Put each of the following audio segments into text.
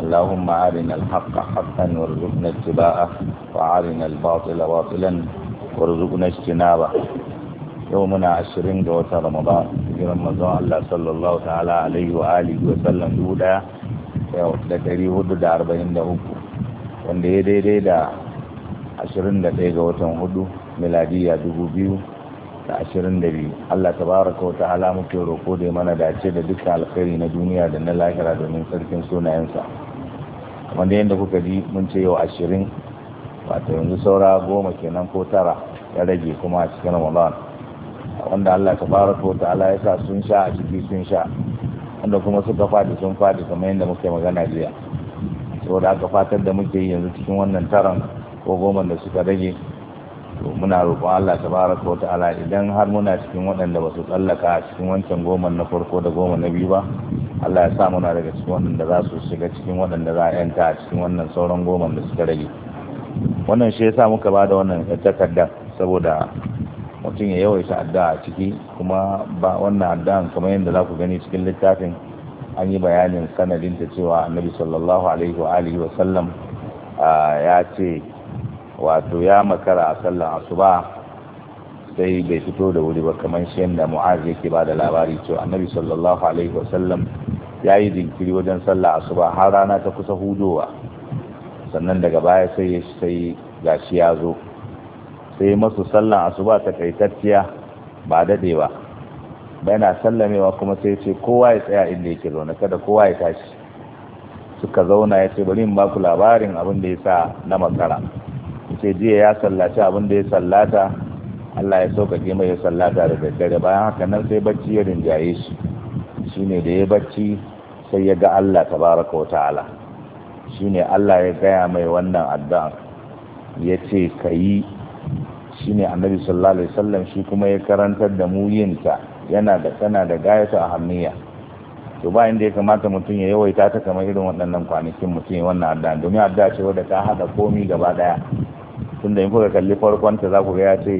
اللهم أرنا الحق حقا وارزقنا اتباعه وأرنا الباطل باطلا وارزقنا اجتنابه يومنا عشرين جوة رمضان في رمضان الله صلى الله تعالى عليه وآله وسلم دودا da ɗari hudu da arba'in da uku wanda ya daidai da ashirin da ɗaya ga watan hudu miladiya dubu biyu da ashirin da biyu Allah tabaraka wa ta'ala muke roƙo da mana dace da duka alkhairi na duniya da na lahira domin sarkin sunayensa wanda yadda kuka ji mun ce yau ashirin wata yanzu saura goma kenan ko tara ya rage kuma a cikin ramadan wanda Allah tabaraka Wata Ala ya sa sun sha a ciki sun sha wanda kuma suka fadi sun fadi kamar yadda muke magana jiya saboda aka fatar da muke yanzu cikin wannan taron ko goma da suka rage to muna roƙon Allah tabaraka wa ta'ala idan har muna cikin waɗanda ba su tsallaka a cikin wancan goma na farko da goma na biyu ba Allah ya sa muna daga cikin waɗanda za su shiga cikin waɗanda za a yanta a cikin wannan sauran goma da suka rage wannan shi yasa muka ba da wannan takardar saboda mutum ya yawaita addu'a a ciki kuma ba wannan addu'an kamar yadda za ku gani cikin littafin an yi bayanin sanadinta cewa annabi sallallahu alaihi wa alihi wa sallam ya ce wato ya makara a sallan asuba sai bai fito da wuri ba kamar shi yadda mu'az yake ba da labari cewa annabi sallallahu alaihi wasallam ya yi jinkiri wajen Sallar asuba har rana ta kusa hudowa sannan daga baya sai ya sai gashi ya zo sai masu sallan asuba ta kaitacciya ba dade ba bayana sallamewa kuma sai ce kowa ya tsaya inda yake zaune kada kowa ya tashi suka zauna ya ce bari in ba ku labarin abin da ya sa na makara ce jiya ya sallaci abin da ya sallata Allah ya sauƙaƙe mai ya sallata da daddare bayan haka nan sai bacci ya rinjaye shi shine da ya bacci sai ya ga Allah tabaraka wa ta'ala shine Allah ya gaya mai wannan addu'a ya ce ka yi shine annabi sallallahu alaihi shi kuma ya karantar da mu yinta yana da tana da a ahammiya to ba inda ya kamata mutum ya yawaita ta kamar irin waɗannan kwanakin mutum ya wannan addu'a domin addu'a ce wadda ta haɗa komi gaba ɗaya tunda in kuka kalli farkon ta za ku ga ya ce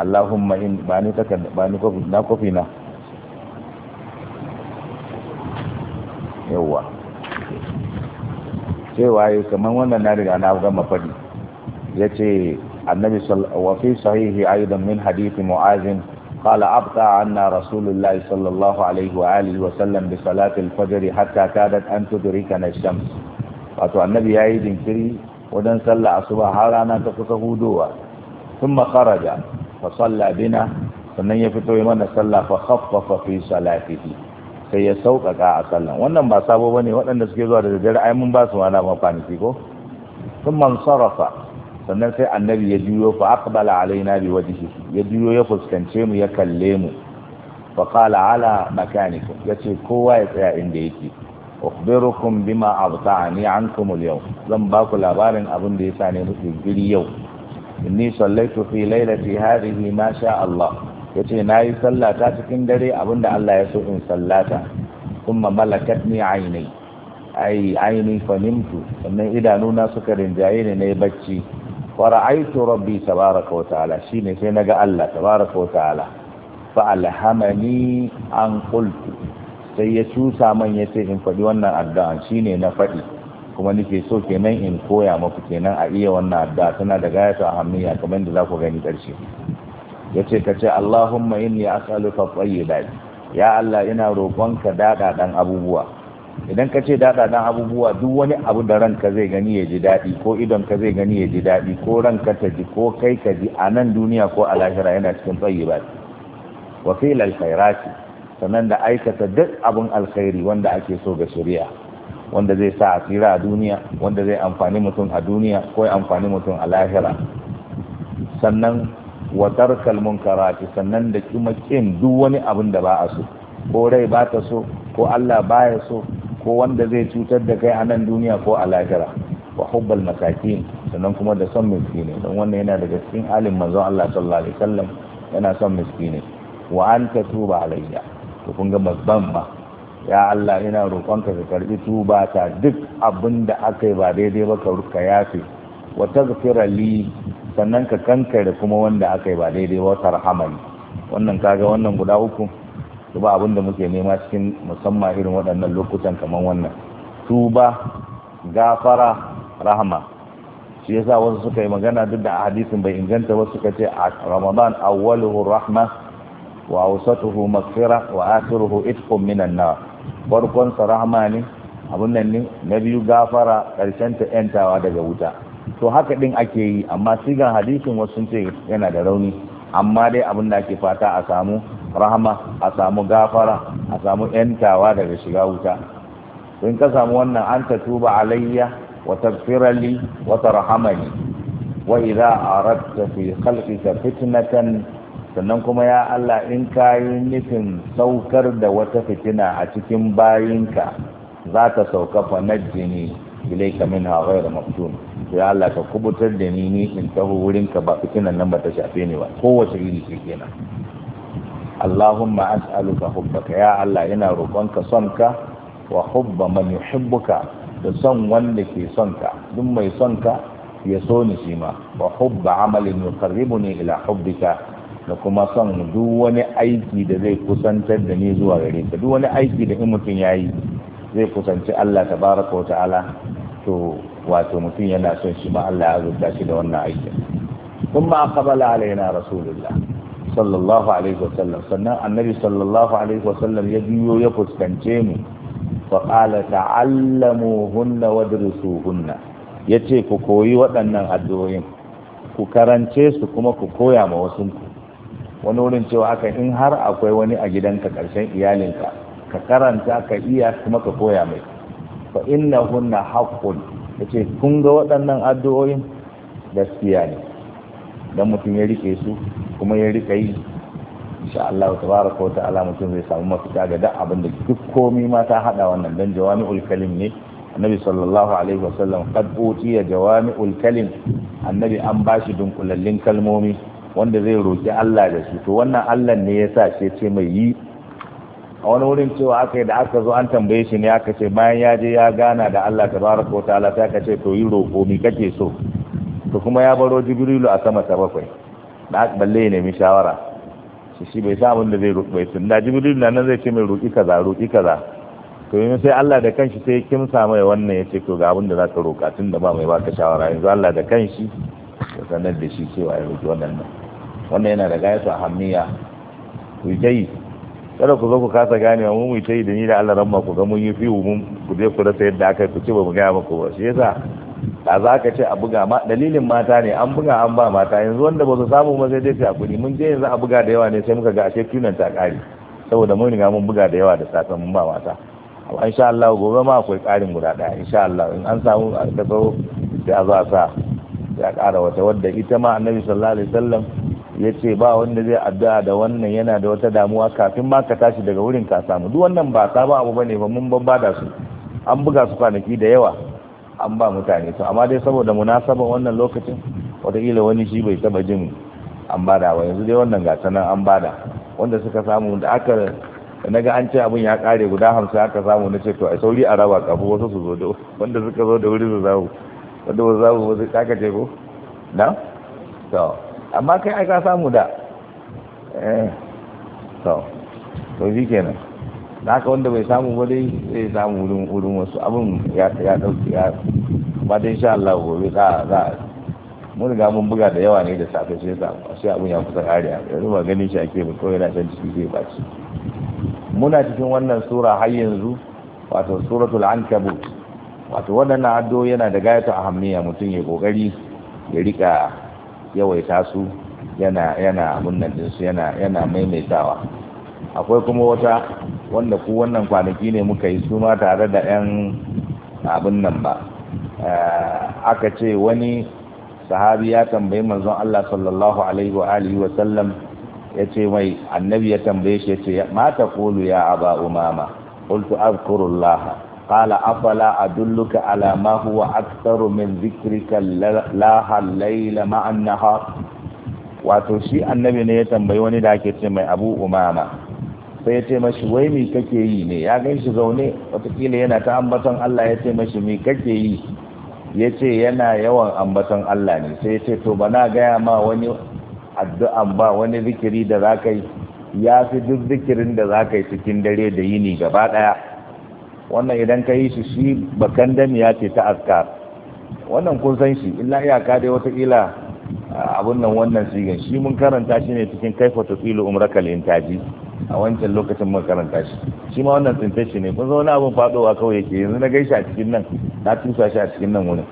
Allahumma in ba ni na kofi na yawa cewa yi kamar wannan na riga na gama faɗi ya ce annabi wafi sahihi aidan min hadithi mu'azin قال أبقى عنا رسول الله صلى الله عليه وآله وسلم بصلاة الفجر حتى كادت أن تدركنا الشمس wato annabi ya yi jinkiri wajen sallah asuba har rana ta kusa hudowa thumma kharaja fa bina sannan ya fito mana sallah fa khaffafa fi salatihi sai ya sauƙaƙa a sallah wannan ba sabo bane waɗanda suke zuwa da dare. ai mun ba su wani ko thumma sarafa sannan sai annabi ya juyo fa aqbala alaina bi wajhihi ya juyo ya fuskance mu ya kalle mu fa qala ala makanikum yace kowa ya tsaya inda yake ukhbirukum bima abta'ani ankum al-yawm zan ba ku labarin abin da ya sani muku giri yau inni sallaitu fi lailati hadhihi ma sha Allah yace nayi sallata cikin dare abin da Allah ya so in sallata kuma malakatni aini ai aini fanimtu sannan idanuna suka rinjaye ne nayi bacci wa ra'aytu rabbi tabaraka wa ta'ala shine sai naga Allah tabaraka wa ta'ala fa alhamani an qultu sai ya cusa man ya ce in faɗi wannan addu'a shine na faɗi kuma nake so kenan in koya maku kenan a iya wannan addu'a tana da gayatu a hamiya kamar da za ku gani ƙarshe ya ce ka ce Allahumma inni as'aluka tayyibat ya Allah ina roƙonka daɗa ɗan abubuwa idan ka ce daɗa abubuwa duk wani abu da ranka zai gani ya ji daɗi ko idon ka zai gani ya ji daɗi ko ranka ta ji ko kai ka ji a nan duniya ko a lahira yana cikin tsayi ba wa filal sannan da aikata duk abin alkhairi wanda ake so ga shari'a wanda zai sa asira a duniya wanda zai amfani mutum a duniya ko ya amfani mutum a lahira sannan watar kalmun karati sannan da kuma kin duk wani abin da ba a so ko rai ba ta so ko Allah baya so ko wanda zai cutar da kai a nan duniya ko a lahira wa hubbal masakin sannan kuma da son miskine don wannan yana daga cikin halin manzon Allah sallallahu alaihi wasallam yana son miskine wa an tatuba alayya to kun ga babban ba ya Allah ina roƙon ka karbi tuba ta duk abin da aka yi ba daidai ba ka ruka yafe wa taghfira li sannan ka kankare kuma wanda aka yi ba daidai ba tarhamani wannan kaga wannan guda uku to ba abin da muke nema cikin musamman irin waɗannan lokutan kamar wannan tuba gafara rahama shi yasa wasu suka yi magana duk da hadisin bai inganta ba suka ce a ramadan awwaluhu rahma wa ausatuhu maghfira wa akhiruhu itkun minan nar farkon sa rahama ne abun nan ne na biyu gafara karshen ta yantawa daga wuta to haka din ake yi amma sigan hadisin wasu sun ce yana da rauni amma dai abin da ake fata a samu rahama a samu gafara a samu yantawa daga shiga wuta in ka samu wannan an ta tuba alayya wa tagfirali wa tarhamani wa idza aradta fi khalqika fitnatan sannan kuma ya Allah in kayi nufin saukar da wata fitina a cikin bayinka za ta sauka fa najjini kamin minha ghayra maftun ya Allah ka kubutar da ni ni in taho wurinka ba fitinan nan ba ta shafe ni ba kowace iri ce kenan Allahumma as'aluka hubbaka ya Allah ina roƙonka sonka wa hubba man yuhibbuka da son wanda ke sonka duk mai sonka ya so ni shi ma wa hubba amalin yuqarribuni ila hubbika da kuma son duk wani aiki da zai kusantar da ni zuwa gare ka duk wani aiki da in mutum ya yi zai kusanci Allah tabaraka wa ta'ala to wato mutum yana son shi ma Allah ya rubuta shi da wannan aikin ba aqbala alaina rasulullah sallallahu alaihi wasallam sannan annabi sallallahu alaihi wasallam ya biyo ya fuskance mu fa qala ta'allamuhunna hunna yace ku koyi waɗannan addu'o'in ku karance su kuma ku koya ma wasu wani wurin cewa haka in har akwai wani a gidanka karshen iyalinka ka karanta ka iya kuma ka koya mai fa inna hunna haqqun yace kun ga waɗannan addu'o'in gaskiya ne dan mutum ya rike su kuma ya rika yi insha Allah tabaraka wa ta'ala mutum zai samu mafita ga duk abin da duk komai ma ta hada wannan dan jawami'ul kalim ne annabi sallallahu alaihi wasallam qad utiya jawami'ul kalim annabi an bashi dunkulallin kalmomi wanda zai roƙi Allah da shi to wannan Allah ne ya sa shi ce mai yi a wani wurin cewa aka yi da aka zo an tambaye shi ne aka ce bayan ya je ya gana da Allah ta tabaraka wa ta'ala sai aka ce to yi roƙo mi kake so to kuma ya baro jibrilu a sama ta bakwai da aka balle ne mi shawara shi shi bai sa abin da zai roƙi bai tun da jibrilu nan zai ce mai roƙi kaza roƙi kaza to yi sai Allah da kanshi sai kimsa samu ya wannan ya ce to ga abin da za ka roƙa tun da ba mai baka shawara yanzu Allah da kanshi ya sanar da shi cewa ya roƙi wannan nan wannan yana da gayatu hamniya ku yi kada ku zo ku kasa gane mu mu yi da ni da Allah ramma ku ga mun yi fiwu mun ku je ku rasa yadda aka ku ce ba mu gaya muku ba shi yasa da za ka ce a buga ma dalilin mata ne an buga an ba mata yanzu wanda ba su samu ba sai dai ta kuni mun je yanzu a buga da yawa ne sai muka ga ashe tunan ta ƙari saboda mun ga mun buga da yawa da sata mun ba mata amma insha Allah gobe ma akwai karin guda daya insha Allah in an samu a tsaro sai a a sa ya kara wata wadda ita ma annabi sallallahu alaihi wasallam ya ce ba wanda zai addu'a da wannan yana da wata damuwa kafin ma ka tashi daga wurin ka samu duk wannan ba sabo abu bane ba mun ban bada su an buga su kwanaki da yawa an ba mutane to amma dai saboda munasaban wannan lokacin wataƙila wani shi bai taba jin an bada ba yanzu dai wannan gasa nan an bada wanda suka samu da aka na ga an ce abin ya kare guda hamsin aka samu na ce to a sauri a raba kafu wasu su zo da wanda suka zo da wuri su zawo wanda ba zawo su kaka ce ko na to amma kai aka samu da eh to to shi kenan da haka wanda bai samu ba dai zai samu wurin wurin wasu abin ya ya dauki ya ba dai insha Allah gobe za za mun riga mun buga da yawa ne da safe sai sa sai abin ya kusa kariya yanzu ba ganin shi ake ko yana na san ciki zai baci muna cikin wannan sura har yanzu wato suratul ankabut wato wannan addu'o yana da gayatu ahammiya mutum ya kokari ya rika yawaita su yana yana munnan dinsu yana yana maimaitawa akwai kuma wata wanda ku wannan kwanaki ne muka yi su ma tare da yan abin nan ba eh, aka ce wani sahabi ya tambayi manzon Allah sallallahu alaihi wa alihi wa sallam ya ce mai annabi ya tambaye shi ya ce ma taqulu ya aba umama qultu azkurullah qala afala a duluka ma huwa aktsaru min zikrika la layla ma annaha wato shi annabi ne ya tambayi wani da ake ce mai abu umama sai ya ce mashi wai mi kake yi ne ya gan shi zaune watakila yana ta ambaton Allah ya ce mashi mi kake yi ya ce yana yawan ambaton Allah ne sai ya ce to bana gaya ma wani addu'an ba wani zikiri da za ka yi ya fi duk zikirin da za ka cikin dare da yini gaba ɗaya wannan idan ka yi shi shi bakan damiya ce ta askar wannan kun san shi illa iyaka dai watakila abun nan wannan sigan shi mun karanta shi ne cikin kai kaifa tufilu umrakal intaji a wancan lokacin mun karanta shi shi ma wannan tsintashi ne kun zo wani abun fadowa kawai yake yanzu na gaishe a cikin nan na tusa shi a cikin nan ce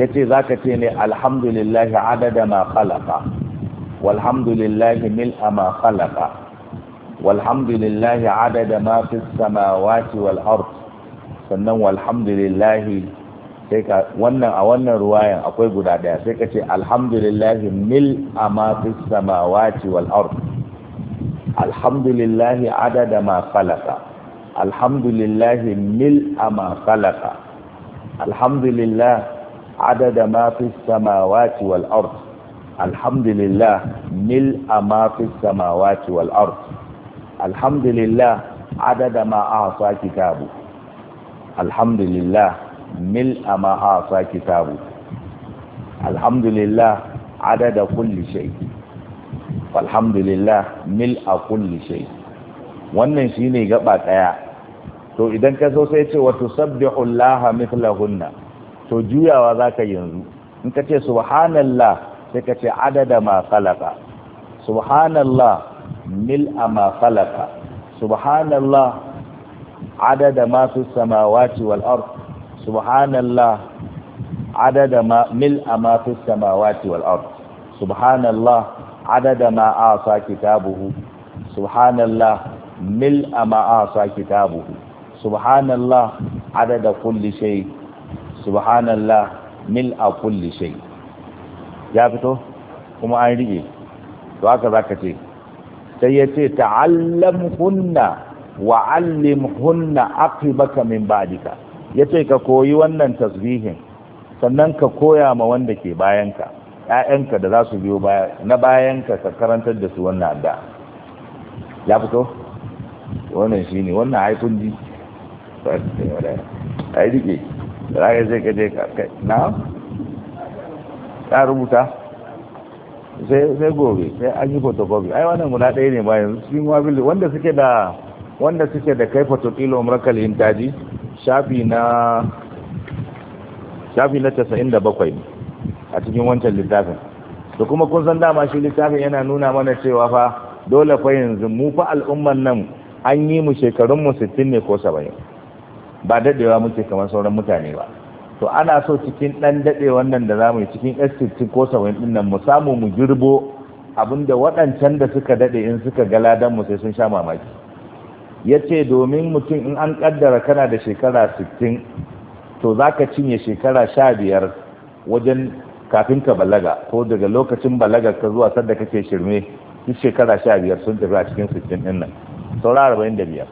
yace zaka ce ne alhamdulillah adada ma khalaqa walhamdulillah mil'a ma khalaqa walhamdulillahi adada ma fi samawati wal ard sannan walhamdulillahi sai ka wannan a wannan ruwayan akwai guda daya sai ka ce alhamdulillahi mil ama fi samawati wal ard alhamdulillahi adada ma khalaqa alhamdulillahi mil ama khalaqa alhamdulillah adada ma fi samawati wal ard alhamdulillah mil ama fi samawati wal ard alhamdulillah adada ma a a'sa kitabu alhamdulillah mil'a ma a a'sa kitabu alhamdulillah adada kulli shay alhamdulillah mil a kulli shay wannan shine gaba daya to idan ka zo sai ce wa tusabbihu allaha mithlahunna to juyawa zaka yanzu in ka ce subhanallah sai ka ce adada ma khalaqa subhanallah Mil ma falaka subhanallah adada ma fi samawati wal subhanallah adada ma mil'a ma fi samawati wal ard subhanallah adada ma asa kitabuhu subhanallah mil'a ma asa kitabuhu subhanallah adada kulli shay subhanallah mil'a kulli shay ya fito kuma an rige to haka zaka ce sai ya ce ta'allam hunna wa allim hunna aqibaka min ba'dika yace ka koyi wannan tasbihin sannan ka koya ma wanda ke bayanka ƴaƴanka da za su biyo baya na bayanka ka karantar da su wannan adda ya fito wannan shine wannan haifun ji ai dike za ka je ka na ta rubuta sai gobe sai an yi photocopy ai wannan guda ɗaya ne ba yanzu sun wabili wanda suke da wanda suke da kai fotokilo kalin taji shafi na shafi na 97 a cikin wancan littafin da kuma kun san dama shi littafin yana nuna mana cewa fa dole fa yanzu mu fa al'ummar nan an yi mu shekarun mu 60 ne ko 70 ba daɗewa muke kamar sauran mutane ba to ana so cikin ɗan daɗe wannan da za mu yi cikin s ko saba'in ɗin nan mu samu mu girbo abinda waɗancan da suka daɗe in suka ga ladan mu sai sun sha mamaki ya ce domin mutum in an ƙaddara kana da shekara sittin to za ka cinye shekara sha biyar wajen kafin ka balaga ko daga lokacin balaga ka zuwa sadda kake shirme duk shekara sha biyar sun tafi a cikin sittin ɗin nan saura arba'in da biyar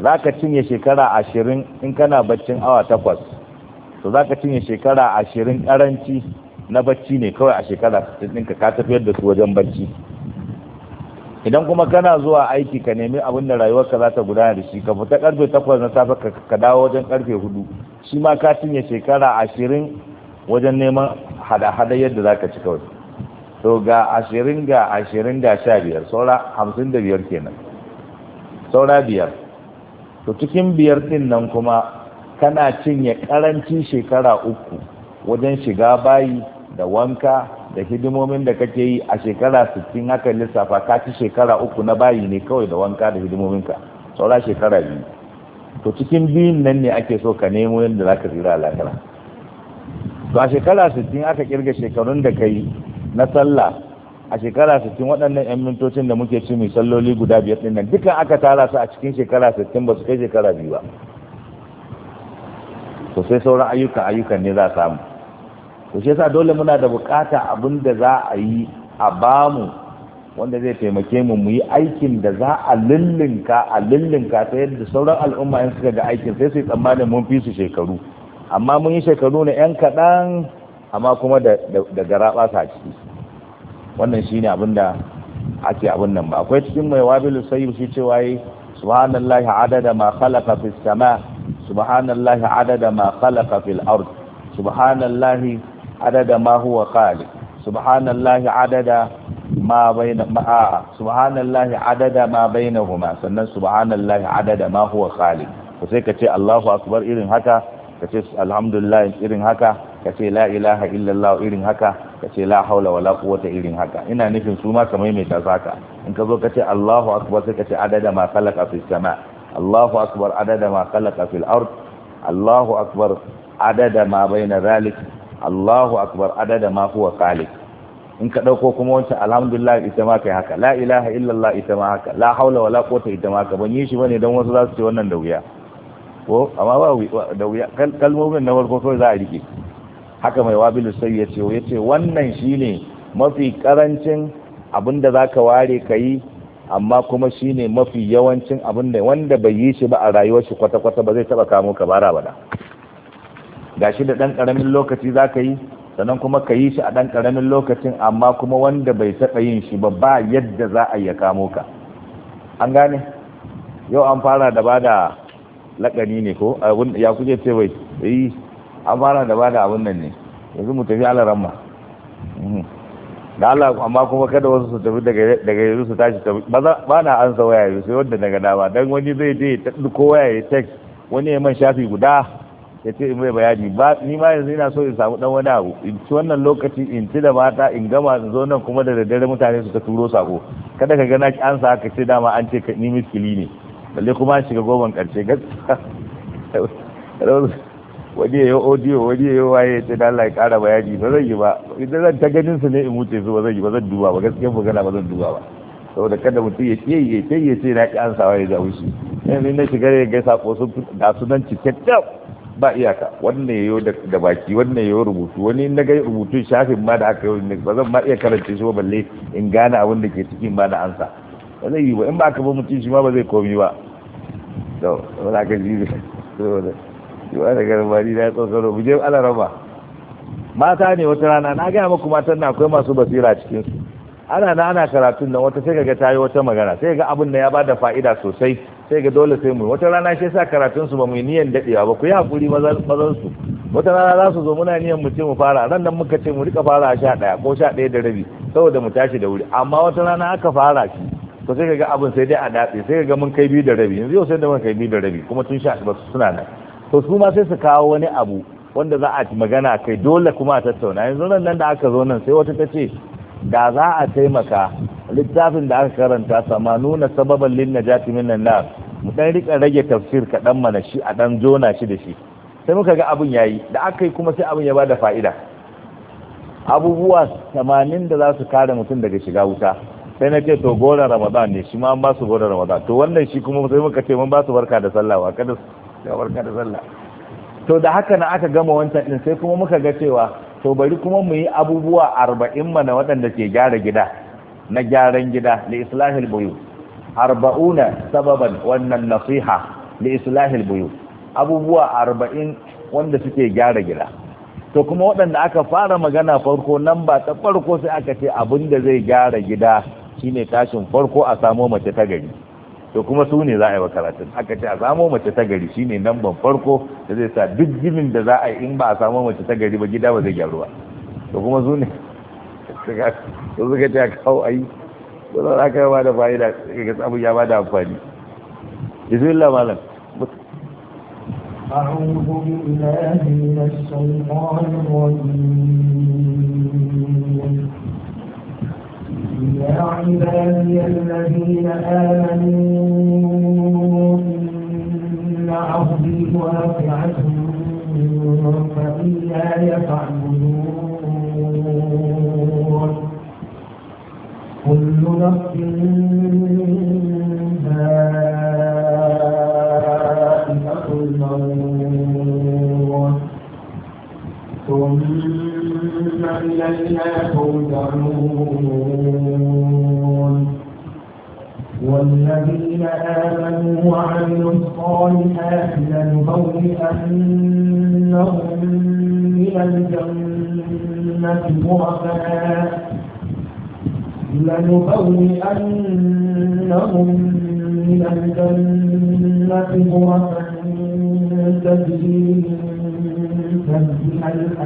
za ka cinye shekara ashirin in kana baccin awa takwas to za ka cinye shekara ashirin karanci na bacci ne kawai a shekara sittin ɗinka ka tafiyar da su wajen bacci idan kuma kana zuwa aiki ka nemi abin da rayuwarka za ta gudana da shi ka fita karfe takwas na safe ka dawo wajen karfe hudu shi ma ka cinye shekara ashirin wajen neman hada-hada yadda za ka ci kawai to ga ashirin ga ashirin da sha biyar saura hamsin da biyar kenan saura biyar to cikin biyar din nan kuma kana cinye karanci shekara uku wajen shiga bayi da wanka da hidimomin da kake yi a shekara 60 haka lissafa ka ci shekara uku na bayi ne kawai da wanka da hidimominka saura shekara biyu to cikin biyun nan ne ake so ka nemo yadda za ka zira lakara to a shekara 60 aka kirga shekarun da ka yi na sallah a shekara 60 waɗannan 'yan mintocin da muke ci mai salloli guda biyar ɗin nan dukkan aka tara su a cikin shekara 60 ba su kai shekara biyu ba to sai sauran ayyuka ayyukan ne za samu to shi yasa dole muna da bukata abin da za a yi a bamu wanda zai taimake mu mu yi aikin da za a lullunka a lullunka ta yadda sauran al'umma in suka ga aikin sai su yi tsammanin mun fi su shekaru amma mun yi shekaru na yan kaɗan amma kuma da garaɓa sa ciki wannan shine abin da ake abin nan ba akwai cikin mai wabilu sayyid shi cewa yi سبحان الله عدد ما خلق في السماء سبحان الله عدد ما خلق في الأرض سبحان الله عدد ما هو خالق سبحان الله عدد ما بين ما سبحان الله عدد ما بينهما sannan سبحان الله عدد ما هو خالق sai ka ce Allahu akbar irin haka ka ce alhamdulillah irin haka ka ce la ilaha illallah irin haka ka ce la haula wala quwwata irin haka ina nufin su ma ka maimaita zaka in ka zo ka ce Allahu akbar sai ka ce adada ma khalaqa fis sama Allahu akbar adada ma khalaqa fil ard Allahu akbar adada ma baina zalik Allahu akbar adada ma huwa khaliq in ka dauko kuma wancan alhamdulillah ita ma kai haka la ilaha illallah ita ma haka la haula wala quwwata ita ma haka ban yi shi bane dan wasu za su ce wannan da wuya ko amma ba da wuya kalmomin na farko kawai za a rike haka mai wabilu sai ya ce ya ce wannan shine mafi karancin abin da ka ware ka yi amma kuma shine mafi yawancin abin da wanda bai yi shi ba a rayuwar shi kwata-kwata ba zai taba kamo ka bara bada gashi da dan karamin lokaci za ka yi sannan kuma ka yi shi a dan karamin lokacin amma kuma wanda bai taba yin shi ba ba yadda za a ya kamo ka an gane yau an fara da bada lakani ne ko ya kuje ce eh, an fara da ba da abin nan ne yanzu mu tafi alaran ma mhm. da Allah amma kuma kada wasu su tafi daga yanzu su tashi tafi ba na an sa waya sai wanda daga dama dan wani zai je ta ko waya ya wani ya man shafi guda ya ce in mai bayani ba ni ma yanzu ina so in samu dan wani abu in ci wannan lokaci in ci da mata in gama in zo nan kuma da daddare mutane su ta turo sako kada ka gana ki an sa ka ce dama an ce ni miskili ne balle kuma shiga goban karshe gaskiya wani ya yi audio wani ya yi waye sai da Allah ya kara bayani ba zan yi ba idan zan ta ganin su ne in wuce su ba zan yi ba zan duba ba gaskiya magana ba zan duba ba saboda kada mutum ya ce ya ce ya ce na ki ansawa ya zawo shi yanzu na shiga ya ga sako sun da su nan cikakken ba iyaka wannan yayo da baki wannan yayo rubutu wani na ga rubutun shafin ma da aka yi ba zan ma iya karanta shi ba balle in gane abin da ke cikin ba na ansa ba zan yi ba in ba aka ba mutum shi ma ba zai komi ba to wala ka ji da yiwa da garbari da ya tsokaro bije ala raba mata ne wata rana na gaya muku matan na akwai masu basira cikin su ana na ana karatun nan wata sai ga ta tayi wata magana sai ga abin da ya bada fa'ida sosai sai ga dole sai mu wata rana shi sa karatun su ba mu niyan dadewa ba ku yi hakuri mazan su wata rana za su zo muna niyan mu ce mu fara ran nan muka ce mu rika fara a sha ɗaya ko sha ɗaya da rabi saboda mu tashi da wuri amma wata rana aka fara shi ko sai ga abin sai dai a datse sai ga mun kai biyu da rabi yanzu yau sai da mun kai biyu da rabi kuma tun sha ba suna nan to su ma sai su kawo wani abu wanda za a magana kai dole kuma a tattauna yanzu nan da aka zo nan sai wata ta ce da za a taimaka littafin da aka karanta sama nuna sababan lin najati nan na mu dan rika rage tafsir kaɗan mana shi a dan jona shi da shi sai muka ga abun yayi da aka yi kuma sai abun ya ba da fa'ida abubuwa 80 da za su kare mutum daga shiga wuta sai na ce to goron ramadan ne shi ma an ba su ramadan to wannan shi kuma sai muka ce mun ba su barka da sallah wa kada ya da zalla to da haka na aka gama wancan din sai kuma muka ga cewa to bari kuma mu yi abubuwa arba'in mana waɗanda ke gyara gida na gyaran gida li islahil buyu arba'una sababan wannan nasiha li islahil buyu abubuwa arba'in wanda suke gyara gida to kuma waɗanda aka fara magana farko nan ba ta farko sai aka ce abin da zai gyara gida shine tashin farko a samo mace ta gari to kuma su ne za a yi wa karatun aka ce a samo mace ta gari ne nan ban farko da zai sa duk ginin da za a yi in ba a samo mace ta gari ba gida ba zai gyaru ba to kuma su ne su suka ce a kawo a yi ko za a kai ba da fa'ida ga samu ya ba da amfani bismillah malam أعوذ بالله من الشيطان الرجيم يا عبادي الذين آمنوا إن عهدي واقعة فإياي فاعبدون كل نفس ذائقة الموت ثم ثم ترجعون والذين آمنوا وعملوا الصالحات لنبوئنهم من الجنة غرفا لنبوئنهم من الجنة غرفا تجري من تجري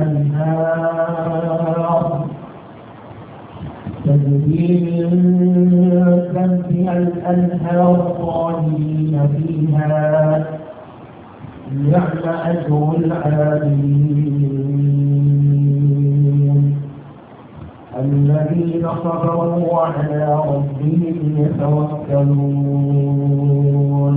الأنهار تجري من تحتها الأنهار خالدين فيها نعم أجر العاملين الذين صبروا على ربهم يتوكلون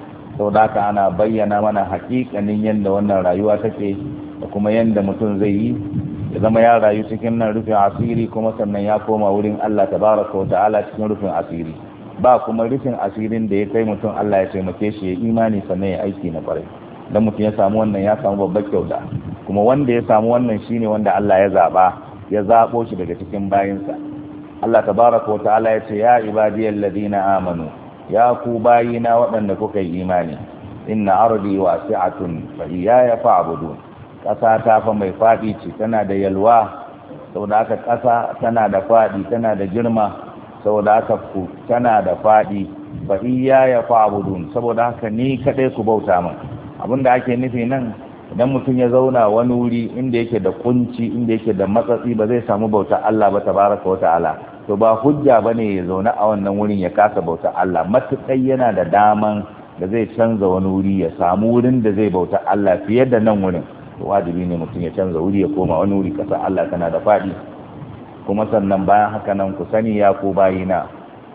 sau da ana bayyana mana hakikanin yadda wannan rayuwa take da kuma yadda mutum zai yi ya zama ya rayu cikin nan rufin asiri kuma sannan ya koma wurin Allah ta bara wa ta'ala cikin rufin asiri ba kuma rufin asirin da ya kai mutum Allah ya taimake shi ya imani sannan ya aiki na kwarai dan mutum ya samu wannan ya samu babbar kyauta kuma wanda ya samu wannan shine wanda Allah ya zaba ya zabo shi daga cikin bayinsa Allah tabaraka wa ta'ala ya ce ya ibadiyal ladina amanu ya ku bayi na waɗanda kuka yi imani inna ardi wasi'atun fa ya fa'budun ƙasa ta fa mai faɗi ce tana da yalwa saboda haka ƙasa tana da faɗi tana da girma saboda haka ku tana da faɗi fa ya fa'budun saboda haka ni kadai ku bauta min abinda ake nufi nan idan mutum ya zauna wani wuri inda yake da kunci inda yake da matsatsi ba zai samu bauta Allah ba tabaraka wa ta'ala to ba hujja ba ne ya zaune a wannan wurin ya kasa bauta Allah matuƙai yana da daman da zai canza wani wuri ya samu wurin da zai bauta Allah fiye da nan wurin to wajibi ne mutum ya canza wuri ya koma wani wuri kasa Allah tana da faɗi kuma sannan bayan haka nan ku sani ya ko bayina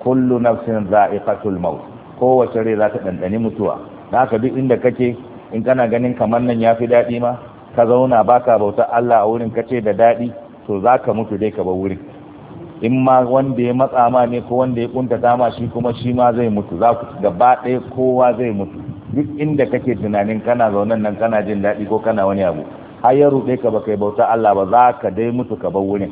kullu nafsin za'iqatul maut kowace rai za ta ɗanɗani mutuwa da haka duk inda kake in kana ganin kamar nan ya fi daɗi ma ka zauna baka bauta Allah a wurin kace da daɗi to za ka mutu dai ka bar wurin in ma wanda ya matsa ma ne ko wanda ya kunta dama shi kuma shi ma zai mutu za ku gaba ɗaya kowa zai mutu duk inda kake tunanin kana zaunan nan kana jin daɗi ko kana wani abu har ya ruɗe ka ba kai bauta Allah ba za ka dai mutu ka bar wurin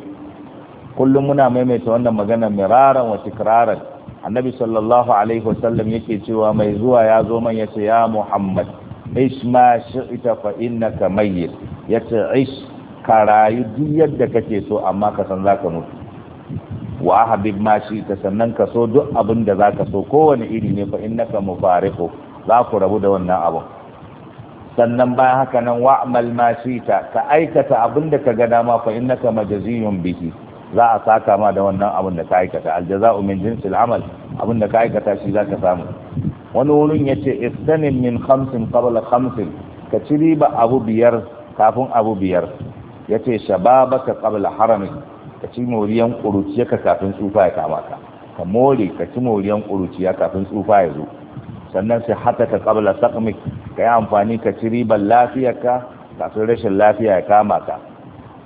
kullum muna maimaita wannan magana miraran wa tikraran annabi sallallahu alaihi wasallam yake cewa mai zuwa ya zo man ce ya muhammad ish ma shi'ta fa innaka mayyit yace ish ka rayu duk yadda kake so amma ka san zaka mutu wa habib ma shi ta sannan ka so duk abin da za ka so kowane iri ne fa innaka mufariqu za ku rabu da wannan abu sannan bayan haka nan wa'mal ma shi ta ka aikata abin da ka ga dama fa innaka majaziyun bihi za a saka ma da wannan abin da ka aikata aljaza'u min jinsil amal abin da ka aikata shi za ka samu wani wurin ya ce istanin min khamsin qabla khamsin ka ci riba abu biyar kafin abu biyar ya ce shababaka qabla haramin ka ci moriyan ƙuruciyarka kafin tsufa ya kama ka ka mori ka ci moriyan ƙuruciya kafin tsufa ya zo sannan sai hata ka kabla sakmi ka yi amfani ka ci ribar lafiyarka kafin rashin lafiya ya kama ka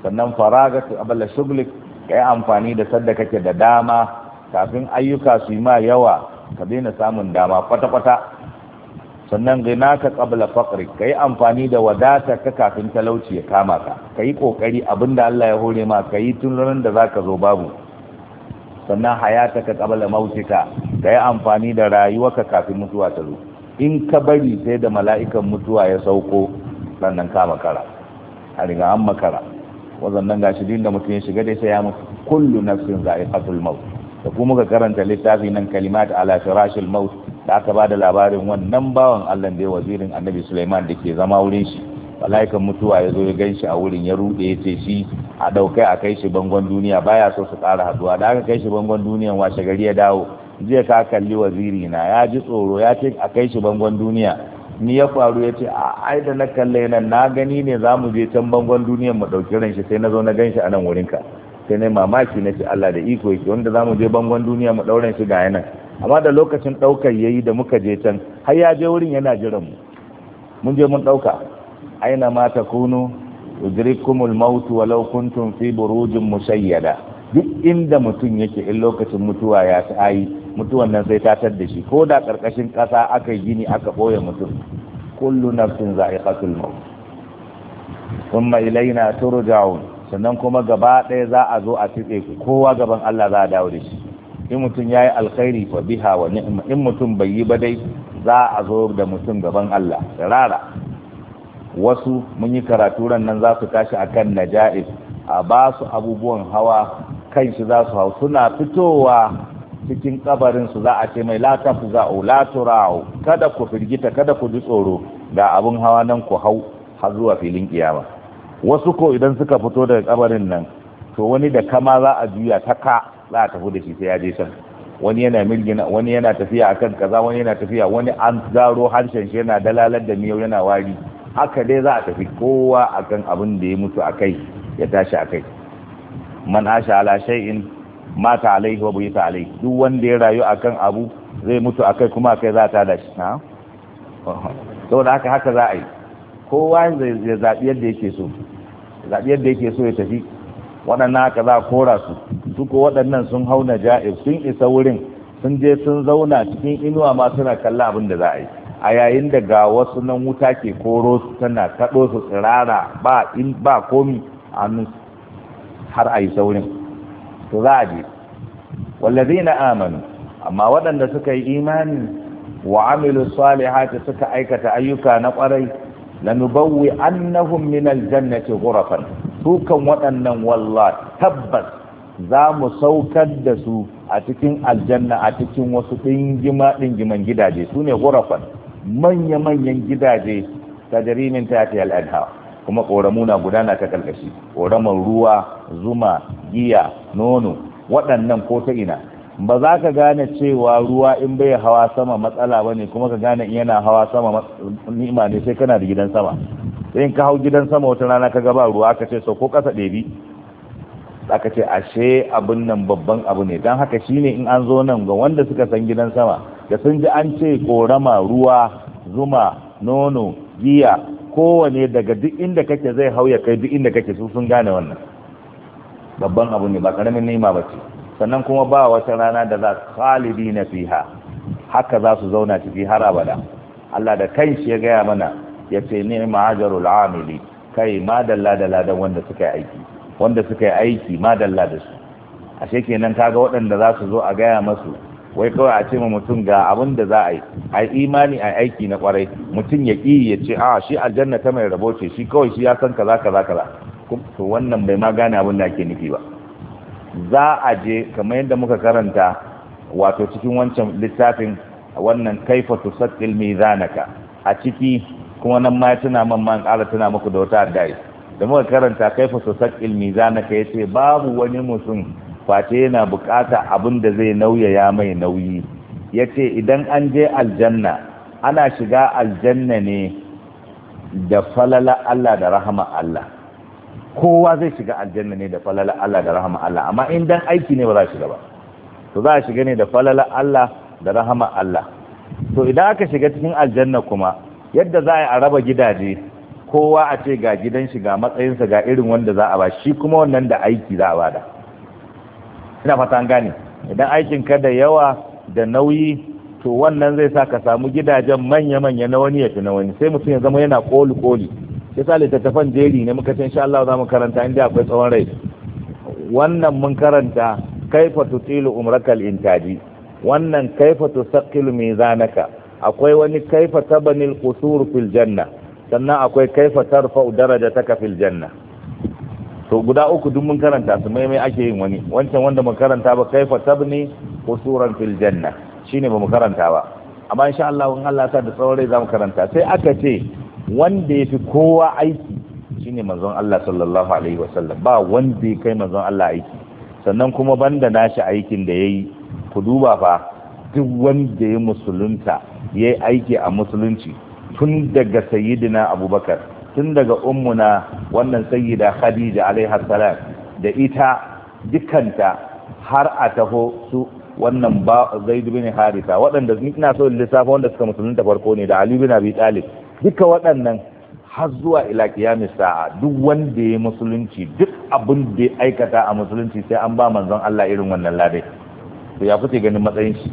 sannan faraga ka abala shuglik ka yi amfani da sadda kake da dama kafin ayyuka su yi ma yawa ka daina samun dama kwata-kwata sannan ƙabla faƙri ka yi amfani da wadata ka kafin talauci ya kama ka ka yi ƙoƙari abinda Allah ya hore ma yi tun ranar da za ka zo babu sannan hayata ka ka ka yi amfani da rayuwa ka kafin mutuwa ta zo in ka bari sai da mala'ikan mutuwa ya sauko sannan ka makara a riga an makara wazannan gashi din da mutum ya shiga dai sai ya mutu kullu nafsin za'iqatul maut da kuma ka karanta littafi nan kalimat ala firashil maut da aka ba da labarin wannan bawan Allah da ya wazirin annabi Sulaiman da ke zama wurin shi mala'ikan mutuwa ya zo ya gan a wurin ya rude ya ce shi a ɗaukai a kai shi bangon duniya baya so su ƙara haduwa da aka kai shi bangon duniya washe gari ya dawo jiya ka kalli waziri na ya ji tsoro ya ce a kai shi bangon duniya ni ya faru ya ce a ai da na kalle nan na gani ne za mu je can bangon duniya mu ɗauki ran shi sai na zo na gan shi a nan wurinka sai na mamaki na ce Allah da iko yake wanda za mu je bangon duniya mu ɗauran shi ga yanan amma da lokacin ɗaukar ya yi da muka je can har ya je wurin yana jiran mu mun je mun ɗauka aina ma ta kunu udrikumul mautu walau kuntum fi burujin musayyada duk inda mutum yake in lokacin mutuwa ya ta yi mutuwan nan zai tatar da shi ko da ƙarƙashin ƙasa aka gini aka boye mutum kullu nafsin za'iqatul maut thumma ilaina turja'un sannan kuma gaba ɗaya za a zo a tsitse kowa gaban Allah za a dawo da shi in mutum ya yi alkhairi fa biha wa ni'ma in mutum bai yi ba dai za a zo da mutum gaban Allah rara wasu mun yi karatu ran nan za su tashi akan naja'is a ba su abubuwan hawa kan shi za su hau suna fitowa cikin kabarin su za a ce mai la tafza'u la tura'u kada ku firgita kada ku ji tsoro ga abun hawa nan ku hau har zuwa filin kiyama wasu ko idan suka fito daga kabarin nan to wani da kama za a juya ta ka za a tafi da shi sai ya je can wani yana milgina wani yana tafiya akan kaza wani yana tafiya wani an zaro harshen shi yana dalalar da miyau yana wari haka dai za a tafi kowa akan abin da ya mutu akai ya tashi a kai man asha ala shay'in mata alaihi wa bayta alaihi duk wanda ya rayu akan abu zai mutu akai kuma akai za ta dashi to saboda haka haka za a yi kowa zai zabi yadda yake so zabi yadda yake so ya tafi waɗannan kaza za a kora su su ko waɗannan sun hau na ja'ir sun isa wurin sun je sun zauna cikin inuwa ma suna kalla abin da za a yi a yayin da ga wasu nan wuta ke koro su tana kaɗo su tsirara ba in ba komi a nan har a yi saurin to za a je na amanu amma waɗanda suka yi imani wa amilu salihati suka aikata ayyuka na ƙwarai lanubawwi annahum min aljannati ghurafan dukan waɗannan walla tabbas za mu saukar da su a cikin aljanna a cikin wasu ɗingima ɗingiman gidaje su ne gurafan manya-manyan gidaje ta jarimin ta ta al'adha kuma ƙoramu na gudana ta ƙarƙashi ƙoramar ruwa zuma giya nono waɗannan ko ta ina ba za ka gane cewa ruwa in bai hawa sama matsala ba ne kuma ka gane in yana hawa sama ni'ima ne sai kana da gidan sama sai in ka hau gidan sama wata rana ka gaba ruwa ka ce ko ƙasa ɗebi aka ce ashe abin nan babban abu ne don haka shine in an zo nan ga wanda suka san gidan sama da sun ji an ce korama ruwa zuma nono giya kowane daga duk inda kake zai hau ya kai duk inda kake su sun gane wannan babban abu ne ba ƙaramin ni'ima ba ce sannan kuma ba wata rana da za khalidi na fiha haka za su zauna ciki har abada Allah da kanshi ya gaya mana ya ce ni ma'ajarul amili kai ma dalla dalla wanda suka yi aiki wanda suka yi aiki ma da su ashe kenan kaga waɗanda za su zo a gaya masu wai kawai a ce ma mutum ga abin da za a yi a imani a aiki na kwarai mutum ya ƙi ya ce a ah, shi aljanna ta mai rabo ce shi kawai shi ya san kaza kaza kaza to wannan bai ma gane abin da ake nufi ba za a je kamar yadda muka karanta wato cikin wancan littafin wannan kaifa tusaqqil mizanaka a ciki kuma nan ma tana man man ƙara tuna muku da wata addai da muka karanta kaifa tusaqqil mizanaka yace babu wani mutum face yana bukata abin da zai nauya ya mai nauyi yace idan an je aljanna ana shiga aljanna ne da falala Allah da rahama Allah kowa zai shiga aljanna ne da falala Allah da rahama Allah amma in dan aiki ne ba za shiga ba to za a shiga ne da falala Allah da rahama Allah to idan aka shiga cikin aljanna kuma yadda za a raba gidaje kowa a ce ga gidan shi ga matsayinsa ga irin wanda za a ba shi kuma wannan da aiki za a bada ina fata gane idan aikin ka da yawa da nauyi to wannan zai sa ka samu gidajen manya-manya na wani ya fi na wani sai mutum ya zama yana koli-koli yasa littattafan jeri ne muka san insha Allah za mu karanta inda akwai tsawon rai wannan mun karanta kaifa tutilu umrakal intaji wannan kaifa tusaqilu mizanaka akwai wani kaifa tabanil qusur fil janna sannan akwai kaifa tarfa'u darajataka fil janna to guda uku duk mun karanta su mai mai ake yin wani wancan wanda mun karanta ba kaifa tabni qusuran fil janna shine ba mu karanta ba amma insha Allah in Allah ya sa da tsawon rai za mu karanta sai aka ce wanda ya fi kowa aiki shine manzon Allah sallallahu alaihi wasallam ba wanda ya kai manzon Allah aiki sannan kuma banda nashi aikin da ya yi ku duba fa duk wanda ya musulunta ya yi aiki a musulunci tun daga sayyidina Abubakar tun daga ummuna wannan sayyida Khadija alaiha salam da ita dukanta har a taho su wannan ba Zaidu bin Harisa waɗanda ina so lissafa wanda suka musulunta farko ne da Ali bin Abi Talib duka waɗannan har zuwa ila kiyamis sa'a duk wanda ya musulunci duk abin da ya aikata a musulunci sai an ba manzon Allah irin wannan ladai to ya fice ganin matsayin shi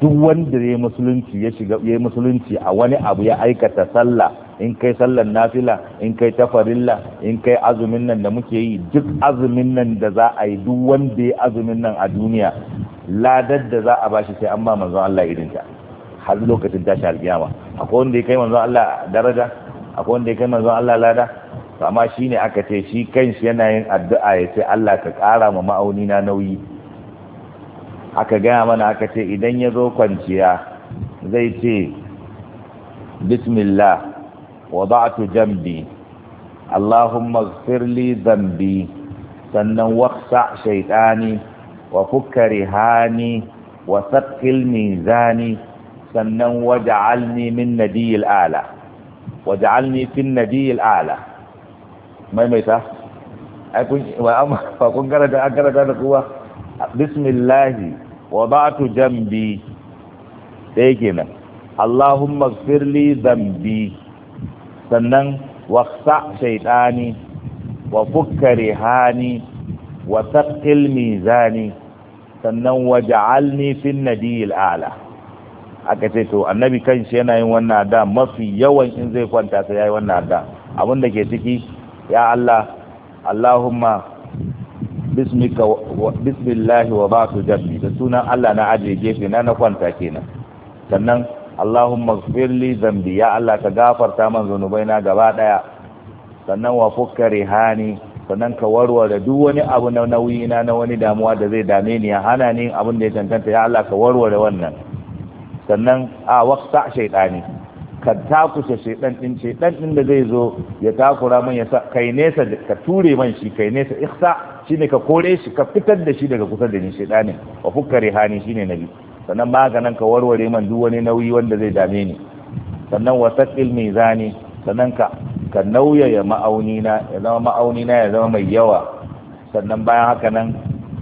duk wanda ya musulunci ya shiga ya musulunci a wani abu ya aikata sallah in kai sallar nafila in kai tafarilla in kai azumin nan da muke yi duk azumin nan da za a yi duk wanda ya azumin nan a duniya ladar da za a bashi sai an ba manzon Allah irin ta har lokacin tashi alkiyama akwai wanda ya kai manzon Allah daraja akwai wanda ya kai manzon Allah lada to amma shine aka ce shi kanshi yana yin addu'a ya ce Allah ka ƙara ma ma'auni na nauyi aka gaya mana aka ce idan ya zo kwanciya zai ce bismillah wada'tu jambi Allahumma ighfir li dhanbi sannan waqsa shaytani wa fukka rihani wa sannan waj'alni min nadiyil ala waj'alni fin nadiyil ala maimaita ai kun wa amma fa kun gara an karanta da kuwa bismillah wada'tu jambi dai kenan allahumma ighfirli dhanbi sannan waqta shaytani wa fukka rihani wa mizani sannan waj'alni fin ala aka ce to annabi kanshi yana yin wannan adda mafi yawan in zai kwanta sai yayi wannan adda abin da ke ciki ya Allah Allahumma bismika bismillahi wa ba'tu jabbi da sunan Allah na aje gefe na na kwanta kenan sannan Allahumma ghfirli dhanbi ya Allah ka gafarta man na gaba daya sannan wa fukka hani sannan ka warware duk wani abu na nauyi na wani damuwa da zai dame ni ya hana ni abin da ya tantanta ya Allah ka warware wannan sannan a shaiɗa ne ka takusa shaytan din shaytan din da zai zo ya takura man ya sa kai nesa ka ture man shi kai nesa ihsa shine ka kore shi ka fitar da shi daga kusa da ni shaidani wa fukka rihani na nabi sannan maganin ka warware man duk wani nauyi wanda zai dame ni sannan wasaqil mizani sannan ka ka ya ma'auni na ya zama ma'auni na ya zama mai yawa sannan bayan haka nan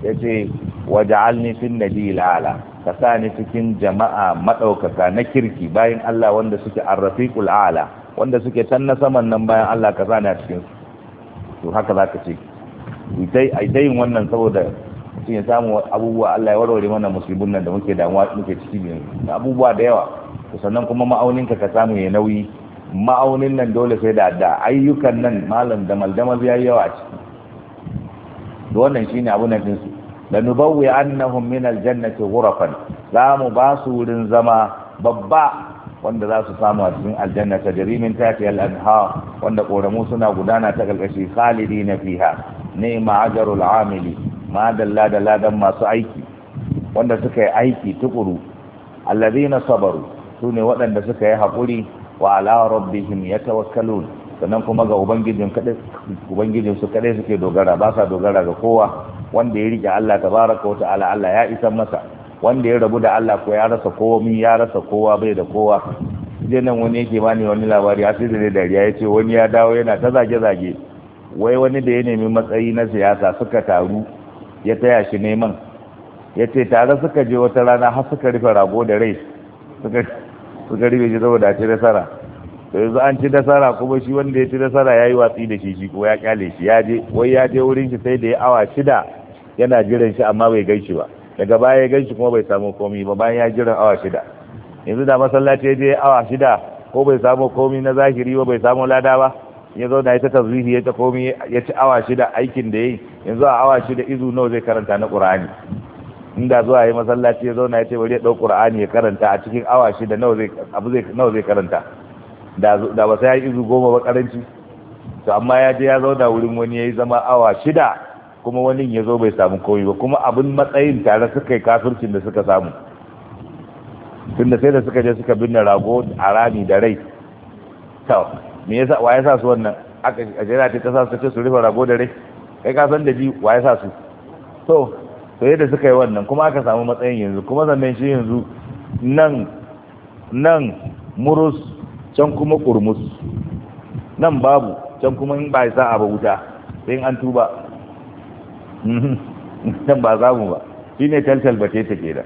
yace waja'alni fin nabiyil ala ka sa ni cikin jama'a madaukaka na kirki bayan Allah wanda suke arrafiqul ala wanda suke can na saman nan bayan Allah ka sa ni a cikin to haka zaka ce dai ai wannan saboda cikin samu abubuwa Allah ya warware mana musibin nan da muke damuwa muke ciki ne abubuwa da yawa to sannan kuma ma'aunin ka ka samu ya nauyi ma'aunin nan dole sai da da ayyukan nan malam da maldamal yayi yawa ciki wannan shine abun nan din lanubawwi annahum min aljannati ghurafan za mu ba su wurin zama babba wanda za su samu a cikin aljanna ta jarimin tafi al'anha wanda ƙoramu suna gudana ta ƙarƙashi khalidi na fiha ne ma'ajarul amili ma dalla masu aiki wanda suka yi aiki tukuru allazina sabaru su ne waɗanda suka yi haƙuri wa ala rabbihim yatawakkalun sannan kuma ga ubangijin kaɗai ubangijin su suke dogara ba sa dogara ga kowa wanda ya rike Allah tabaraka wa ta'ala Allah ya isa masa wanda ya rabu da Allah ko ya rasa min ya rasa kowa bai da kowa sai nan wani yake bani wani labari har da dariya ya ce wani ya dawo yana ta zage zage wai wani da ya nemi matsayi na siyasa suka taru ya taya shi neman ya ce tare suka je wata rana har suka rufe rago da rai suka rufe shi saboda ci nasara da yanzu an ci nasara kuma shi wanda ya ci nasara ya yi watsi da shi shi ko ya kyale shi ya je wai ya je wurin shi sai da ya awa shida yana jiran shi amma bai gaishe ba daga baya ya gaishe kuma bai samu komi ba bayan ya jiran awa shida yanzu da masallaci ya je awa shida ko bai samu komi na zahiri ba bai samu lada ba ya zo da ita tazwihi ya ta komi ya ci awa shida aikin da yayi yanzu a awa shida izu nawa zai karanta na qur'ani inda zuwa yi masallaci ya zo na yace bari ya dau qur'ani ya karanta a cikin awa shida nawa zai abu zai nawa zai karanta da da ba sai ya izu goma ba karanci to amma ya je ya zauna wurin wani yayi zama awa shida kuma wani ya zo bai samu koyi ba kuma abin matsayin tare suka yi kafircin da suka samu tunda sai da suka je suka binne rago a rami da rai to me yasa wa sa su wannan aka ajira ta kasa su ce su rufe rago da rai kai ka san da ji wa sa su to to yadda suka yi wannan kuma aka samu matsayin yanzu kuma sannan shi yanzu nan nan murus can kuma kurmus nan babu can kuma in ba ya sa abu wuta sai an tuba nan mhm. ba za mu ba shi ne taltal ba ce ta ke da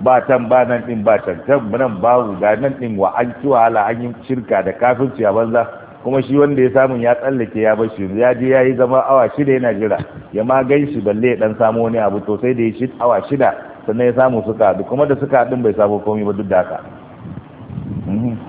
ba can ba nan ɗin ba can can nan babu ga nan ɗin wa an ci wahala an yi shirka da kafirci a banza kuma shi wanda ya samu ya tsallake ya bashi ya je ya yi zama awa shida yana jira ya ma gan shi balle ya dan samu wani abu to sai da ya shi awa shida sannan ya samu suka kuma da suka ɗin bai samu komai ba duk da haka mhm.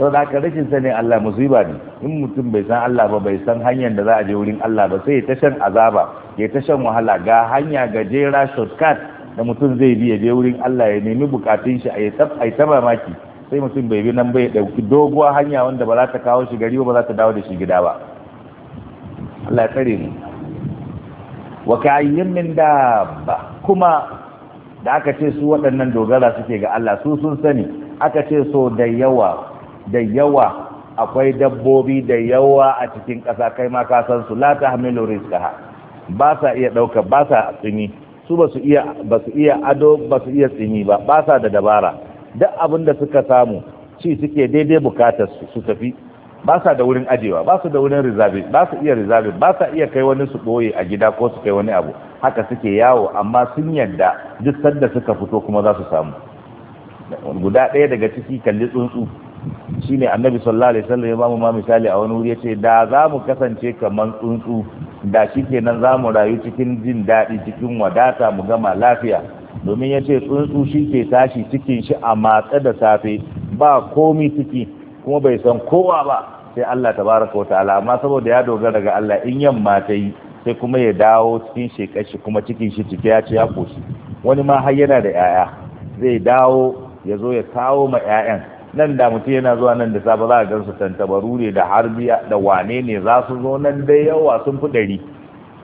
sau da aka rashin sani Allah musiba ne in mutum bai san Allah ba bai san hanyar da za a je wurin Allah ba sai ya ta shan azaba ya ta shan wahala ga hanya ga jera shortcut da mutum zai bi ya je wurin Allah ya nemi bukatun shi a yi ta mamaki sai mutum bai bi nan bai dauki doguwa hanya wanda ba za ta kawo shi gari ba za ta dawo da shi gida ba Allah ya tsare mu wa kayyin min dabba kuma da aka ce su waɗannan dogara suke ga Allah su sun sani aka ce so da yawa da yawa akwai dabbobi da yawa a cikin ƙasa kai ma ka san su la tahmilu rizqaha ba sa iya dauka ba sa tsini su ba su iya ba su iya ado ba su iya tsini ba ba sa da dabara duk abin da suka samu ci suke daidai bukatar su su tafi ba sa da wurin ajewa ba su da wurin rizabi ba su iya rizabi ba sa iya kai wani su boye a gida ko su kai wani abu haka suke yawo amma sun yadda duk sanda suka fito kuma za su samu guda ɗaya daga ciki kalli tsuntsu Shi ne annabi sallallahu alaihi wasallam ya bamu ma misali a wani wuri ya ce da za mu kasance kamar tsuntsu da shi ke nan za mu rayu cikin jin daɗi cikin wadata mu gama lafiya domin ya ce tsuntsu shi ke tashi cikin shi a matsa da safe ba komi ciki kuma bai san kowa ba sai Allah tabaraka wa ta'ala amma saboda ya dogara ga Allah in yamma ta yi sai kuma ya dawo cikin shekar shi kuma cikin shi ciki ya ce ya koshi wani ma har yana da 'ya'ya zai dawo ya zo ya kawo ma 'ya'yan nan da mutum yana zuwa nan da safe za a su tantabaru ne da harbi da wane ne za su zo nan da yawa sun fi ɗari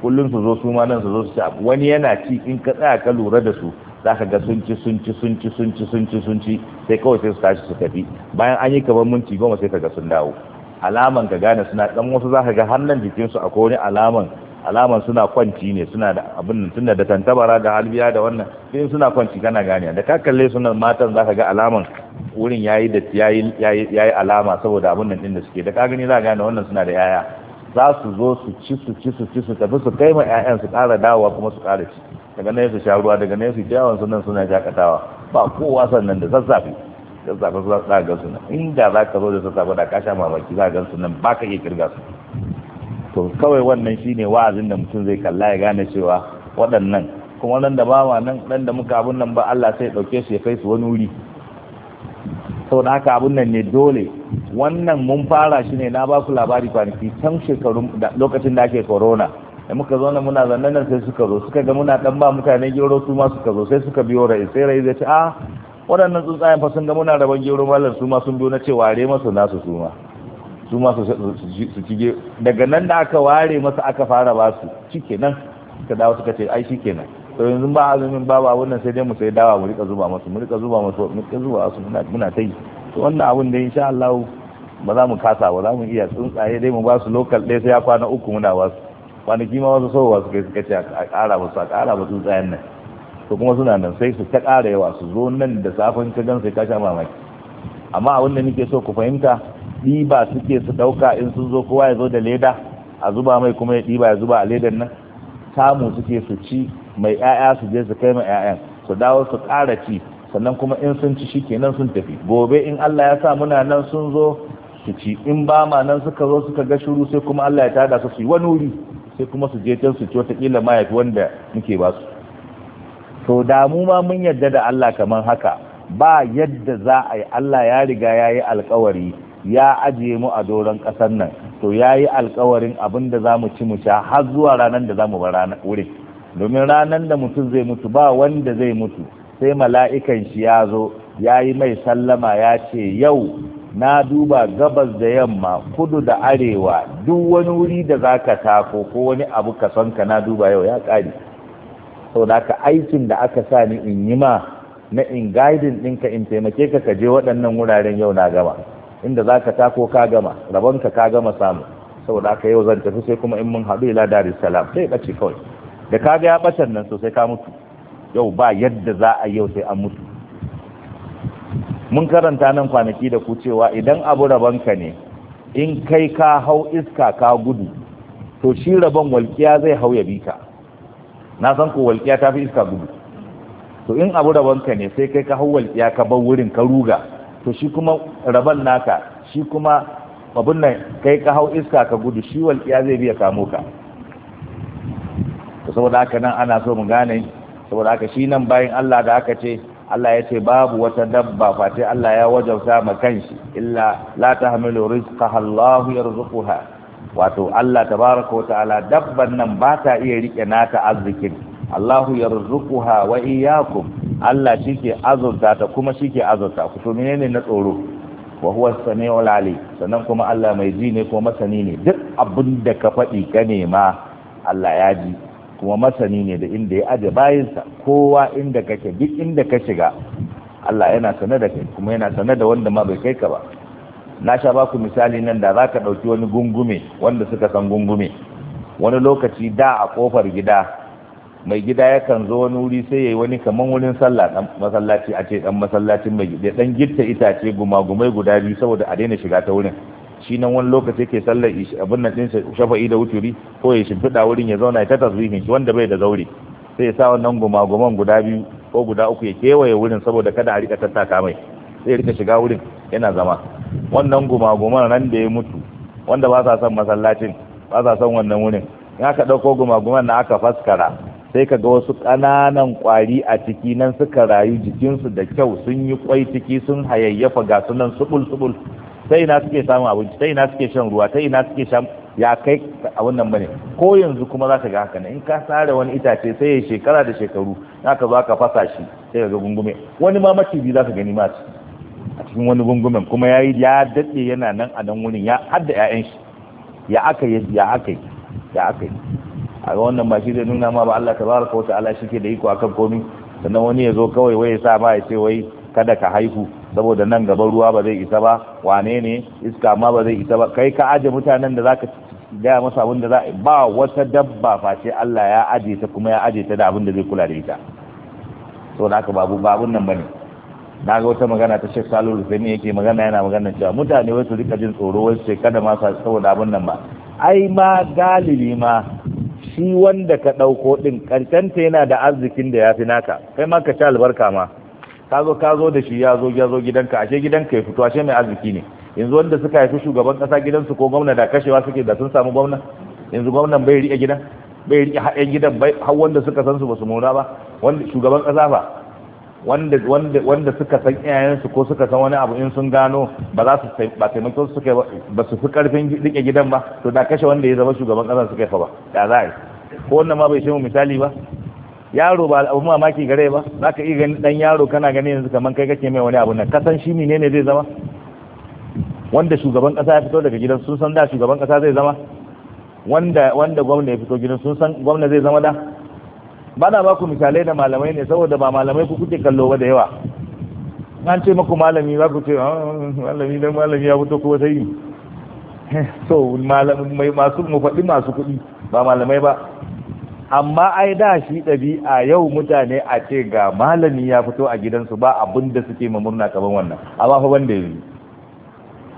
kullum su zo su ma nan su zo su ci wani yana ci in ka tsaya ka lura da su za ka ga sun ci sun ci sun ci sun ci sun ci sun ci sai kawai sai su tashi su tafi bayan an yi kamar minti goma sai ka ga sun dawo alaman ka gane suna dan wasu za ka ga har nan jikinsu akwai wani alaman alaman suna kwanci ne suna da abin tunda da tantabara da halbiya da wannan sai suna kwanci kana gane da ka kalle sunan matan zaka ga alaman wurin yayi da yayi yayi alama saboda abin nan din da suke da ka gani za gani wannan suna da yaya za su zo su ci su ci su ci su tafi su kai ma ƴaƴan su ƙara dawowa kuma su ƙara ci daga nan su sha ruwa daga nan su jawan sunan suna jakatawa ba kowa sannan da zazzafi sassafe su za su ga sunan inda za ka zo da zazzafi da ka sha mamaki za ka ga sunan ba ka iya kirga su to kawai wannan shine wa'azin da mutum zai kalla ya gane cewa waɗannan kuma nan da bawa nan dan da muka abun nan ba Allah sai dauke su ya kai su wani wuri saboda haka abun nan ne dole wannan mun fara shi ne na ba ku labari kwanaki can shekarun lokacin da ake corona da muka zo na muna zannan nan sai suka zo suka ga muna dan ba mutane gero su ma suka zo sai suka biyo rai sai rai zai ce a ah, waɗannan tsuntsayen fa sun ga muna rabon gero mallan su ma sun biyo na ce ware masu nasu su ma su ma su cige daga nan da aka ware masa aka fara ba su cike nan suka dawo suka ce ai shi nan to yanzu ba azumin ba ba wannan sai dai mu sai dawa mu rika zuba masu mu rika zuba masu mu rika zuba masu muna muna ta yi to wannan abun da insha Allah ba za mu kasa ba za mu iya tsuntsaye dai mu ba su local ɗaya sai ya kwana uku muna ba su kwanaki ma wasu sowa suka suka ce a ƙara ba su a ƙara ba tsuntsayen nan to kuma suna nan sai su ta ƙara yawa su zo nan da safin ka gan sai ka sha mamaki amma abin da nake so ku fahimta ɗiba suke su ɗauka in sun zo kowa ya zo da leda a zuba mai kuma ya diba ya zuba a ledan nan samu suke su ci mai 'ya'ya su je su kai mai 'ya'yan su dawo su ƙara ci sannan kuma in sun ci shi kenan sun tafi gobe in Allah ya sa muna nan sun zo su ci in ba ma nan suka zo suka ga shuru sai kuma Allah ya tada su su yi wani wuri sai kuma su je can su ci wataƙila mahaifi wanda muke ba su to da mu ma mun yarda da Allah kamar haka ba yadda za a yi Allah ya riga ya yi alkawari ya ajiye mu a doron ƙasar nan to ya yi alkawarin abin da za mu ci mu sha har zuwa ranar da za mu bar wurin domin ranar da mutum zai mutu ba wanda zai mutu sai mala'ikan shi ya zo ya yi mai sallama ya ce yau na duba gabas da yamma kudu da arewa duk wani wuri da za ka tako ko wani abu ka son ka na duba yau ya ƙari sau da ka aikin da aka sa ni in yi ma na in gaidin ɗinka in taimake ka ka je waɗannan wuraren yau na gaba inda za ka tako ka gama rabonka ka gama samu saboda aka yau zan tafi sai kuma in mun haɗu ila dari salam sai ɓace kawai da ka ga ya ɓacen nan sosai ka mutu yau ba yadda za a yau sai an mutu mun karanta nan kwanaki da ku cewa idan abu rabonka ne in kai ka hau iska ka gudu to shi rabon walƙiya zai hau ya bi ka na san ko walƙiya ta fi iska gudu to in abu rabonka ne sai kai ka hau walƙiya ka bar wurin ka ruga to shi kuma rabon naka shi kuma abun nan kai ka hau iska ka gudu shi walƙiya zai biya kamo ka to saboda haka nan ana so mu gane saboda haka shi nan bayan Allah da aka ce Allah ya ce babu wata dabba face Allah ya wajauta ma kanshi illa la tahmilu rizqaha Allahu yarzuquha wato Allah tabaraka wa ta'ala dabban nan ba ta iya rike nata arzikin Allahu yarzuquha wa iyakun. Allah shi ke azurta ta kuma shi ke azurta ku to menene na tsoro wa huwa samiul ali sannan kuma Allah mai ji ne kuma masani ne duk abin da ka faɗi ka nema Allah ya ji kuma masani ne da inda ya aje bayinsa kowa inda kake duk inda ka shiga Allah yana sane da kai kuma yana sane da wanda ma bai kai ka ba na sha ba ku misali nan da zaka ɗauki wani gungume wanda suka san gungume wani lokaci da a kofar gida mai gida yakan zo wani wuri sai ya yi wani kaman wurin sallah dan masallaci a ce dan masallacin mai gida dan gitta itace gumagumai guda biyu saboda a daina shiga ta wurin shi nan wani lokaci ke sallar abin nan ɗinsa shafa'i da wuturi ko ya shimfiɗa wurin ya zauna ya ta tasbihin shi wanda bai da zaure sai ya sa wannan gumaguman guda biyu ko guda uku ya kewaye wurin saboda kada a rika tattaka mai sai ya rika shiga wurin yana zama wannan gumaguman nan da ya mutu wanda ba sa son masallacin ba sa son wannan wurin in aka ɗauko gumaguman na aka faskara sai ka ga wasu ƙananan ƙwari a ciki nan suka rayu jikinsu da kyau sun yi kwai ciki sun hayayyafa ga sunan subul subul sai ina suke samun abinci sai ina suke shan ruwa sai ina suke shan ya kai a wannan bane ko yanzu kuma za ka ga haka in ka sare wani itace sai ya shekara da shekaru ka za ka fasa shi sai ka ga gungume wani ma maciji za ka gani ma a cikin wani gungumen kuma ya ya daɗe yana nan a nan wurin ya hadda 'ya'yan shi ya aka yi ya aka yi ya aka yi a ga wannan ba shi zai nuna ma ba Allah ta'ala shi ke da iko akan komi sannan wani ya zo kawai wai ya sa ma ya ce wai kada ka haihu saboda nan gaban ruwa ba zai isa ba wane ne iska ma ba zai isa ba kai ka aje mutanen da za ka gaya masa abin da za a ba wata dabba face Allah ya aje ta kuma ya aje ta da abin da zai kula da ita so da haka babu babun nan bane na ga wata magana ta Sheikh Salihu Rufaimi yake magana yana magana cewa mutane wai su rika jin tsoro wai su kada ma saboda abin nan ba ai ma galibi ma shi wanda ka ɗauko ɗin ƙancanta yana da arzikin da ya fi naka kai ma ka ci albarka ma ka zo ka zo da shi ya zo ya zo gidanka ashe gidanka ya fito ashe mai arziki ne yanzu wanda suka haifi shugaban ƙasa gidansu ko gwamna da kashewa suke da sun samu gwamna yanzu gwamnan bai riƙe gidan bai riƙe haɗin gidan bai har wanda suka san su ba su mura ba wanda shugaban ƙasa ba wanda wanda wanda suka san iyayensu ko suka san wani abu in sun gano ba za su ba taimako su suka ba su fi karfin rike gidan ba to da kashe wanda ya zama shugaban kasa suka fa ba da za yi ko wannan ma bai shi mu misali ba yaro ba abu mamaki gare ba za ka iya ganin dan yaro kana gani yanzu kamar kai kake mai wani abu nan kasan shi menene ne zai zama wanda shugaban kasa ya fito daga gidan sun san da shugaban kasa zai zama wanda wanda gwamna ya fito gidan sun san gwamna zai zama da bana na baku misalai da malamai ne saboda ba malamai ku kuke kallo ba da yawa an ce maku malami za ku ce ah, malami dan malami ya fito ko sai so malamai masu mu faɗi masu kuɗi ba malamai ba amma ai da shi a yau mutane a ce ga malami ya fito a gidansu ba abin da suke ma murna kaban wannan amma fa wanda yanzu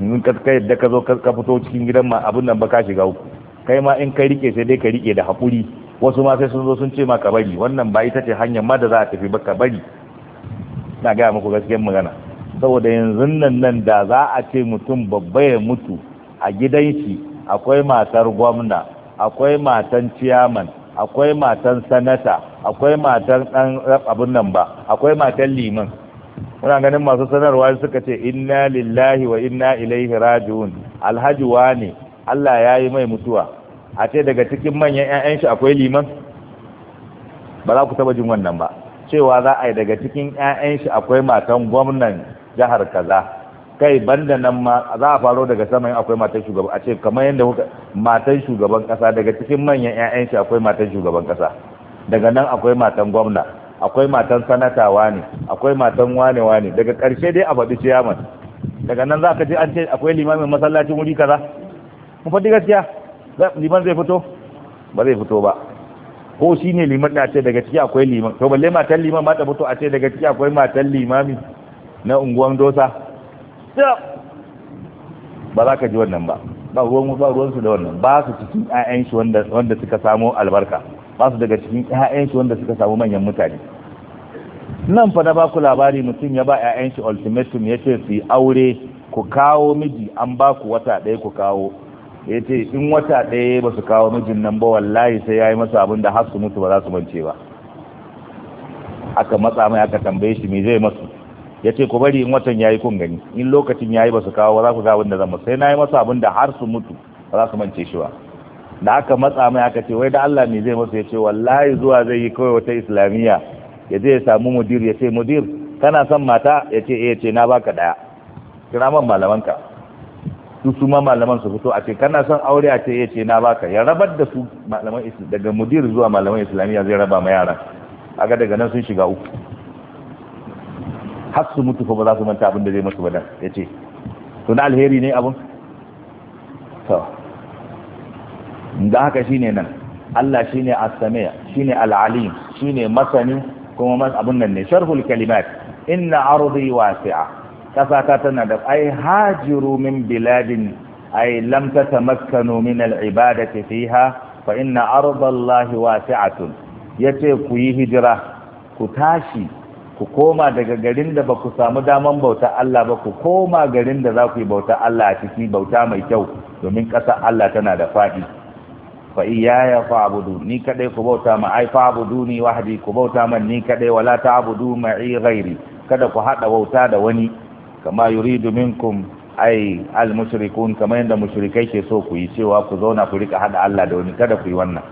in ka da ka zo ka fito cikin gidan ma abin nan ba ka shiga uku kai ma in ka rike sai dai ka rike da haƙuri wasu ma sai sun zo sun ce ma ka bari wannan ba ita ce hanyar ma da za a tafi ba ka bari na gaya muku gaskiyar magana saboda yanzu nan nan da za a ce mutum babba ya mutu a gidan shi akwai matar gwamna akwai matan ciyaman akwai matan sanata akwai matan dan abun nan ba akwai matan liman muna ganin masu sanarwa suka ce inna lillahi wa inna ilaihi raji'un alhaji wa ne Allah ya yi mai mutuwa a ce daga cikin manyan 'ya'yan shi akwai liman ba za ku taba jin wannan ba cewa za a yi daga cikin 'ya'yan shi akwai matan gwamnan jihar kaza kai banda nan ma za a faro daga saman akwai matan shugaban a ce kamar yadda kuka matan shugaban kasa daga cikin manyan 'ya'yan shi akwai matan shugaban kasa daga nan akwai matan gwamna akwai matan sanata wane akwai matan wane wane daga ƙarshe dai a faɗi ciyaman daga nan za ka je an ce akwai limamin masallacin wuri kaza mu faɗi gaskiya liman zai fito ba zai fito ba ko shi ne liman da ce daga ciki akwai liman to balle matan liman ma ta fito a ce daga ciki akwai matan limami na unguwan dosa ba za ka ji wannan ba ba ruwan ba ruwan su da wannan ba su cikin ƴaƴan shi wanda wanda suka samu albarka ba su daga cikin ƴaƴan shi wanda suka samu manyan mutane nan fa na ba ku labari mutum ya ba ƴaƴan shi ultimatum yace su yi aure ku kawo miji an ba ku wata ɗaya ku kawo ya ce in wata ɗaya ba su kawo mijin nan ba wallahi sai ya yi masa abin da har su mutu ba za su mance ba aka matsa mai aka tambaye shi me zai masu ya ce ku bari in watan ya yi kun gani in lokacin ya yi ba su kawo ba za ku ga abin da zan sai na yi masa abin da har su mutu ba za su mance shi ba da aka matsa mai aka ce wai da Allah me zai masu ya ce wallahi zuwa zai yi kawai wata islamiyya ya je ya samu mudir ya ce mudir kana son mata ya ce eh ce na baka daya kira man malaman ka. su su ma malaman su fito a ce kana son aure a ce ya ce na baka ya rabar da su malaman islam daga mudir zuwa malaman islamiyya zai raba ma yara aga daga nan sun shiga uku har su mutu fa ba za su manta abin da zai musu ba dan ya ce to na alheri ne abun to da haka shine nan Allah shine as samia shine al-alim shine masani kuma abun nan ne sharhul kalimat inna ardi wasi'a ƙasa ta tana da ai hajiru min biladin ai lam tatamakkanu min al-ibadati fiha fa inna ardallahi wasi'atun yace ku yi hijira ku tashi ku koma daga garin da baku samu daman bauta Allah ba ku koma garin da za ku yi bauta Allah a ciki bauta mai kyau domin ƙasa Allah tana da faɗi fa iyaya ni kadai ku bauta ma ai fa'budu ni wahdi ku bauta man ni kadai wala abudu ma'i ghairi kada ku hada bauta da wani kama yuridu minkum ai al-mushrikun kama yadda mushrikai ke so ku yi cewa ku zauna ku rika hada Allah da wani kada ku yi wannan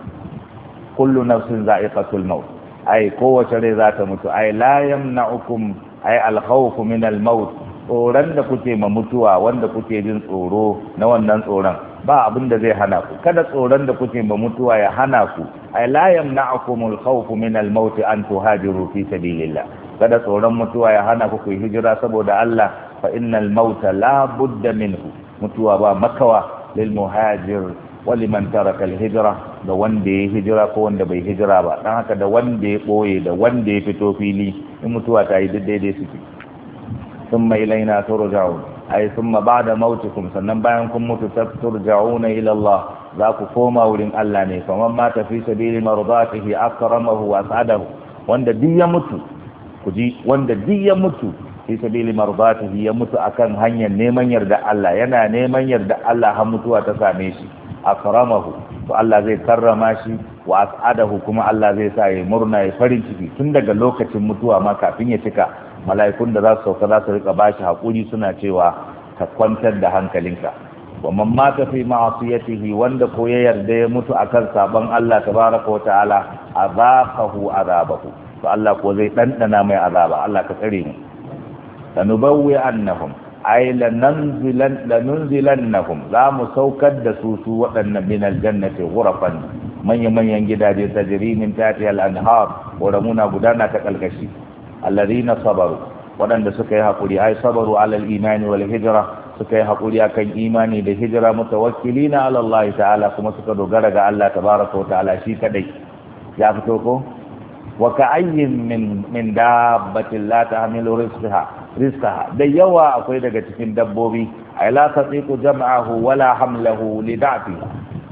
kullu nafsin za'iqatul maut ai kowace rai za ta mutu ai la yamna'ukum ai al-khawfu min al-maut tsoron da kuke ma mutuwa wanda kuke jin tsoro na wannan tsoron ba abin da zai hana ku kada tsoron da kuke ma mutuwa ya hana ku ai la yamna'ukumul khawfu min al-maut an tuhajiru fi sabilillah kada tsoron mutuwa ya hana ku ku hijira saboda Allah fa innal mauta la budda minhu mutuwa ba makawa lil muhajir wa liman taraka al hijra da wanda ya hijira ko wanda bai hijira ba dan haka da wanda ya boye da wanda ya fito fili in mutuwa ta yi daidai suke thumma ilaina turja'un ay thumma ba'da mautikum sannan bayan kun mutu turja'una ila Allah za ku koma wurin Allah ne kamar ma tafi sabili mardatihi akramahu wa sa'adahu wanda duk ya mutu ku ji wanda duk ya mutu fi sabili marbatihi ya mutu akan hanyar neman yarda Allah yana neman yarda Allah har mutuwa ta same shi akramahu to Allah zai karrama shi wa as'adahu kuma Allah zai sa ya murna ya farin ciki tun daga lokacin mutuwa ma kafin ya cika mala'ikun da za su sauka za su rika bashi hakuri suna cewa ka kwantar da hankalinka wa man mata fi ma'asiyatihi wanda ko ya yarda ya mutu akan sabon Allah tabaraka wa ta'ala azaqahu azabahu to Allah ko zai dandana mai azaba Allah ka tsare mu lanubawwi annahum ay lanunzilan lanunzilannahum za mu saukar da susu su waɗannan min aljannati ghurafan manyan manyan gidaje tajri min tahti al-anhar muna gudana ta kalkashi alladhina sabaru waɗanda suka yi hakuri ay sabaru alal imani wal hijra suka yi haƙuri akan imani da hijira mutawakkili na Allah ta'ala kuma suka dogara ga Allah tabaraka ta'ala shi kadai ya fito ko wa ka'ayyin min min dabbatin la ta'milu rizqaha rizqa da yawa akwai daga cikin dabbobi aila la jama'a jam'ahu wala hamlahu li da'fi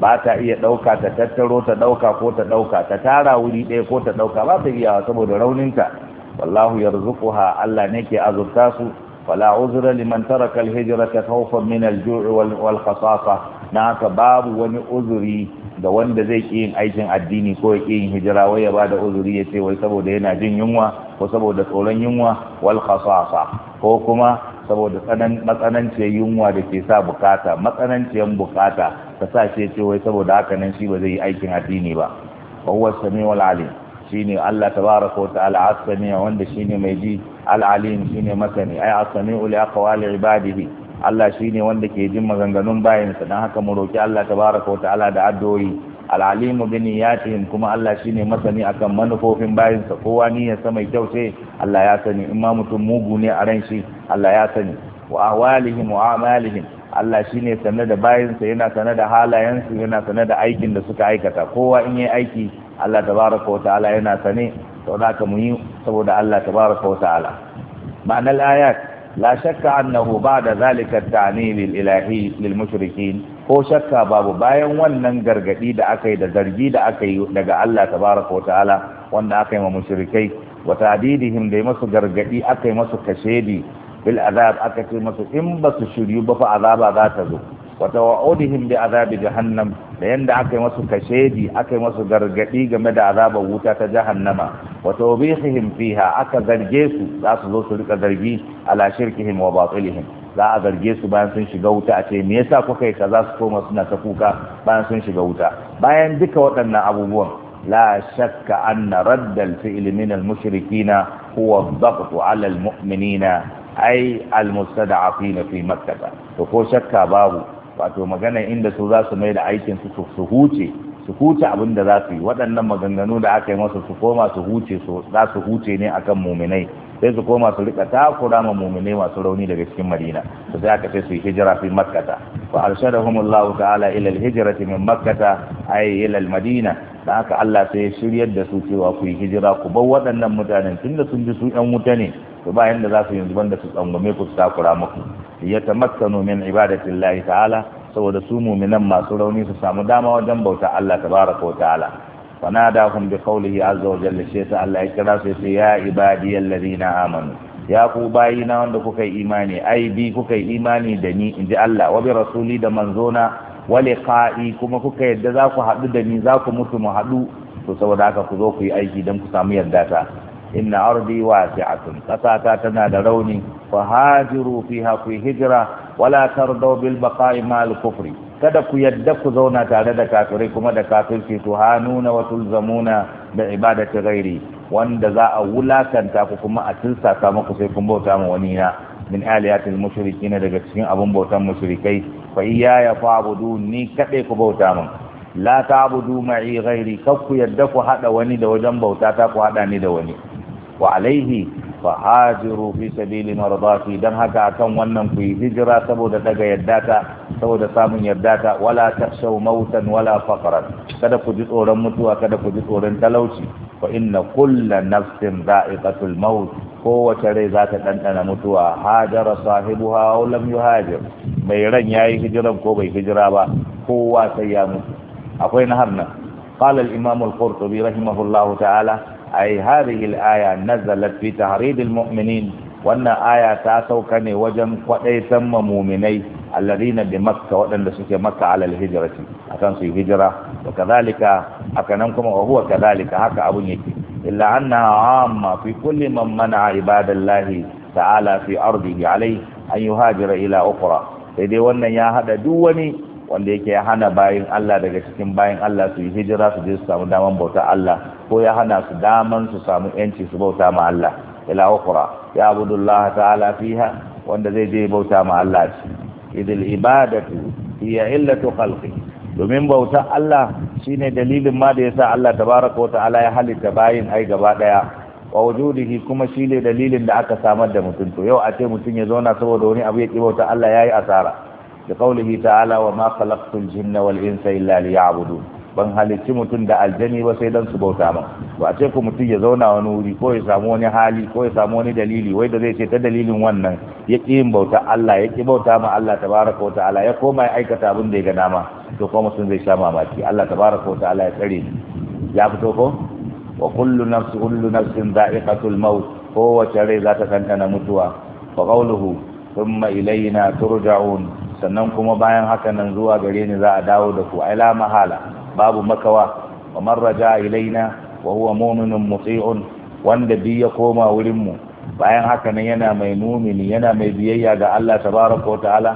ba ta iya dauka ta tattaro ta dauka ko ta dauka ta tara wuri ɗaya ko ta dauka ba ta iya saboda rauninta wallahu yarzuquha Allah ne ke azurta su wala uzra liman taraka al-hijrata khawfan min al wal khasasa na ka babu wani uzuri Da wanda zai ƙi yin aikin addini ko ya ƙi yin hijira wai ya bada uzuri ya ce wai saboda yana jin yunwa ko saboda tsoron yunwa wal khasasa ko kuma saboda matsananciyar yunwa da ke sa bukata matsananciyar bukata ta sa ce ce wai saboda haka nan shi ba zai yi aikin addini ba wa samiul alim shine Allah tabaraka wa ta'ala as wanda shine mai ji al-alim shine masani ai as-sami'u li aqwali ibadihi Allah shi ne wanda ke jin maganganun bayansa Don haka mu roki Allah tabaraka wa ta'ala da addu'o'i al'alimu bin yatihim kuma Allah shi ne masani akan manufofin bayansa kowa yasa mai kyau ce Allah ya sani in ma mutum mugu ne a ran shi Allah ya sani wa ahwalihim wa amalihim Allah shi ne sane da bayansa yana sane da halayensu yana sane da aikin da suka aikata kowa in yi aiki Allah tabaraka wa ta'ala yana sane to da aka muyi saboda Allah tabaraka wa ta'ala ma'anar ayat la shakka annahu ba da at-ta'nil ilahi lil mushrikin ko shakka babu bayan wannan gargadi da aka yi da zargi da aka yi daga Allah tabaraka ta'ala wanda aka yi ma mushrikai wa ta'didihim da masu gargadi aka yi masu kashedi bil azab aka ce masu in ba su shiryu ba fa azaba za zo wa tawa'udihim bi azabi nam da yanda aka yi masu kashedi aka yi masu gargadi game da azabar wuta ta jahannama wa tawbihihim fiha aka zarge su za su zo su rika zargi ala shirkihim wa batilihim za a zarge su bayan sun shiga wuta a ce me yasa kuka yi kaza su koma suna ta kuka bayan sun shiga wuta bayan duka waɗannan abubuwan la shakka anna raddal fi'li min al-mushrikina huwa ad-daqtu 'ala al-mu'minina ay al-mustada'afina fi makkah to ko shakka babu wato magana inda su za su mai da aikin su su huce su huce abin da za su yi waɗannan maganganu da aka yi masa su koma su huce su za su huce ne akan muminai sai su koma su rika takura ma muminai masu rauni daga cikin madina to sai aka ce su yi hijira fi makkata wa arshadahum Allah ta'ala ila al-hijrati min makkata ay ila al-madina da haka Allah sai ya shiryar da su cewa ku yi hijira ku bar waɗannan mutanen tunda sun ji su ƴan wuta ne to ba yanda za su yanzu banda su tsangwame ku su takura muku ya tamakkanu min lahi ta'ala saboda su mu'minan masu rauni su samu dama wajen bauta Allah tabaraka wa ta'ala fanadahum bi qawlihi azza wa jalla shi su Allah ya kira su sai ya ibadiyal ladina amanu ya ku bayi na wanda kuka yi imani ai bi kuka yi imani da ni inji Allah wa bi rasuli da manzona wa liqa'i kuma kuka yadda za ku haɗu da ni za ku mutu mu haɗu to saboda haka ku zo ku yi aiki don ku samu yarda ta inna ardi wasi'atun kasata tana da rauni fa hajiru fiha ku hijra wala tardaw bil baqa'i ma'al kufri kada ku yadda ku zauna tare da kafirai kuma da kafirci to hanuna wa tulzamuna da ibadati ghairi wanda za a wulakanta ku kuma a tilsasa muku sai kun bauta ma wani na min aliyatil mushrikin daga cikin abun bautan mushrikai fa iyaya fa'budu ni kadai ku bauta min la ta'budu ma'i ghairi kakku yadda ku hada wani da wajen bauta ta ku hada ni da wani wa alaihi fa hajiru fi sabili maradati dan haka akan wannan ku hijira saboda daga yadda ta saboda samun yarda ta wala takshaw mautan wala faqran kada ku ji tsoron mutuwa kada ku ji tsoron talauci fa inna kulla nafsin za'iqatul maut kowace rai za ta ɗanɗana mutuwa hajara sahibu aw lam yuhajir mai ran yayi hijiran ko bai hijira ba kowa sai ya mutu akwai na harna qala al-imam al-qurtubi rahimahullahu ta'ala ai hadhihi al-aya nazalat fi tahrid al-mu'minin wannan aya ta sauka ne wajen san mu'minai alladhina bi makka wadanda suke makka ala al-hijrati akan su hijira wa kadhalika akanan kuma wa huwa kadhalika haka abun yake illa anna amma fi kulli man a ibadallahi ta'ala fi ardihi alayhi an yuhajira ila ukhra sai dai wannan ya hada duk wani wanda yake ya hana bayin Allah daga cikin bayin Allah su yi hijira su je su samu daman bauta Allah ko ya hana su daman su samu yanci su bauta ma Allah ila ukhra ya abudullah ta'ala fiha wanda zai je bauta ma Allah ci idil ibadatu hiya illatu khalqi domin bauta Allah shine dalilin ma da yasa Allah tabaraka wa ta'ala ya halitta bayin ai gaba daya wa wujudihi kuma shine dalilin da aka samar da mutum to yau a ce mutum ya zauna saboda wani abu ya ki bauta Allah yayi asara da qaulihi ta'ala wa ma khalaqtul jinna wal insa a liya'budun ban halicci mutum da aljani ba sai dan su bauta ma ba a ce ku mutum ya zauna wani wuri ko ya samu wani hali ko ya samu wani dalili wai da zai ce ta dalilin wannan ya ƙi yin bauta Allah ya ƙi bauta ma Allah tabaraka wa ta'ala ya koma ya aikata abin da ya ga dama to kuma mutum zai sha mamaki Allah tabaraka wa ta'ala ya tsare ni ya fito ko wa kullu nafsin kullu nafsin za'iqatul maut kowace rai za ta kankana mutuwa fa qawluhu thumma ilayna turja'un sannan kuma bayan haka nan zuwa gare ni za a dawo da ku ai mahala babu makawa wa man raja ilaina wa huwa mu'minun muti'un wanda bi ya koma wurin mu bayan haka nan yana mai mumini yana mai biyayya ga Allah tabaraka wa ta'ala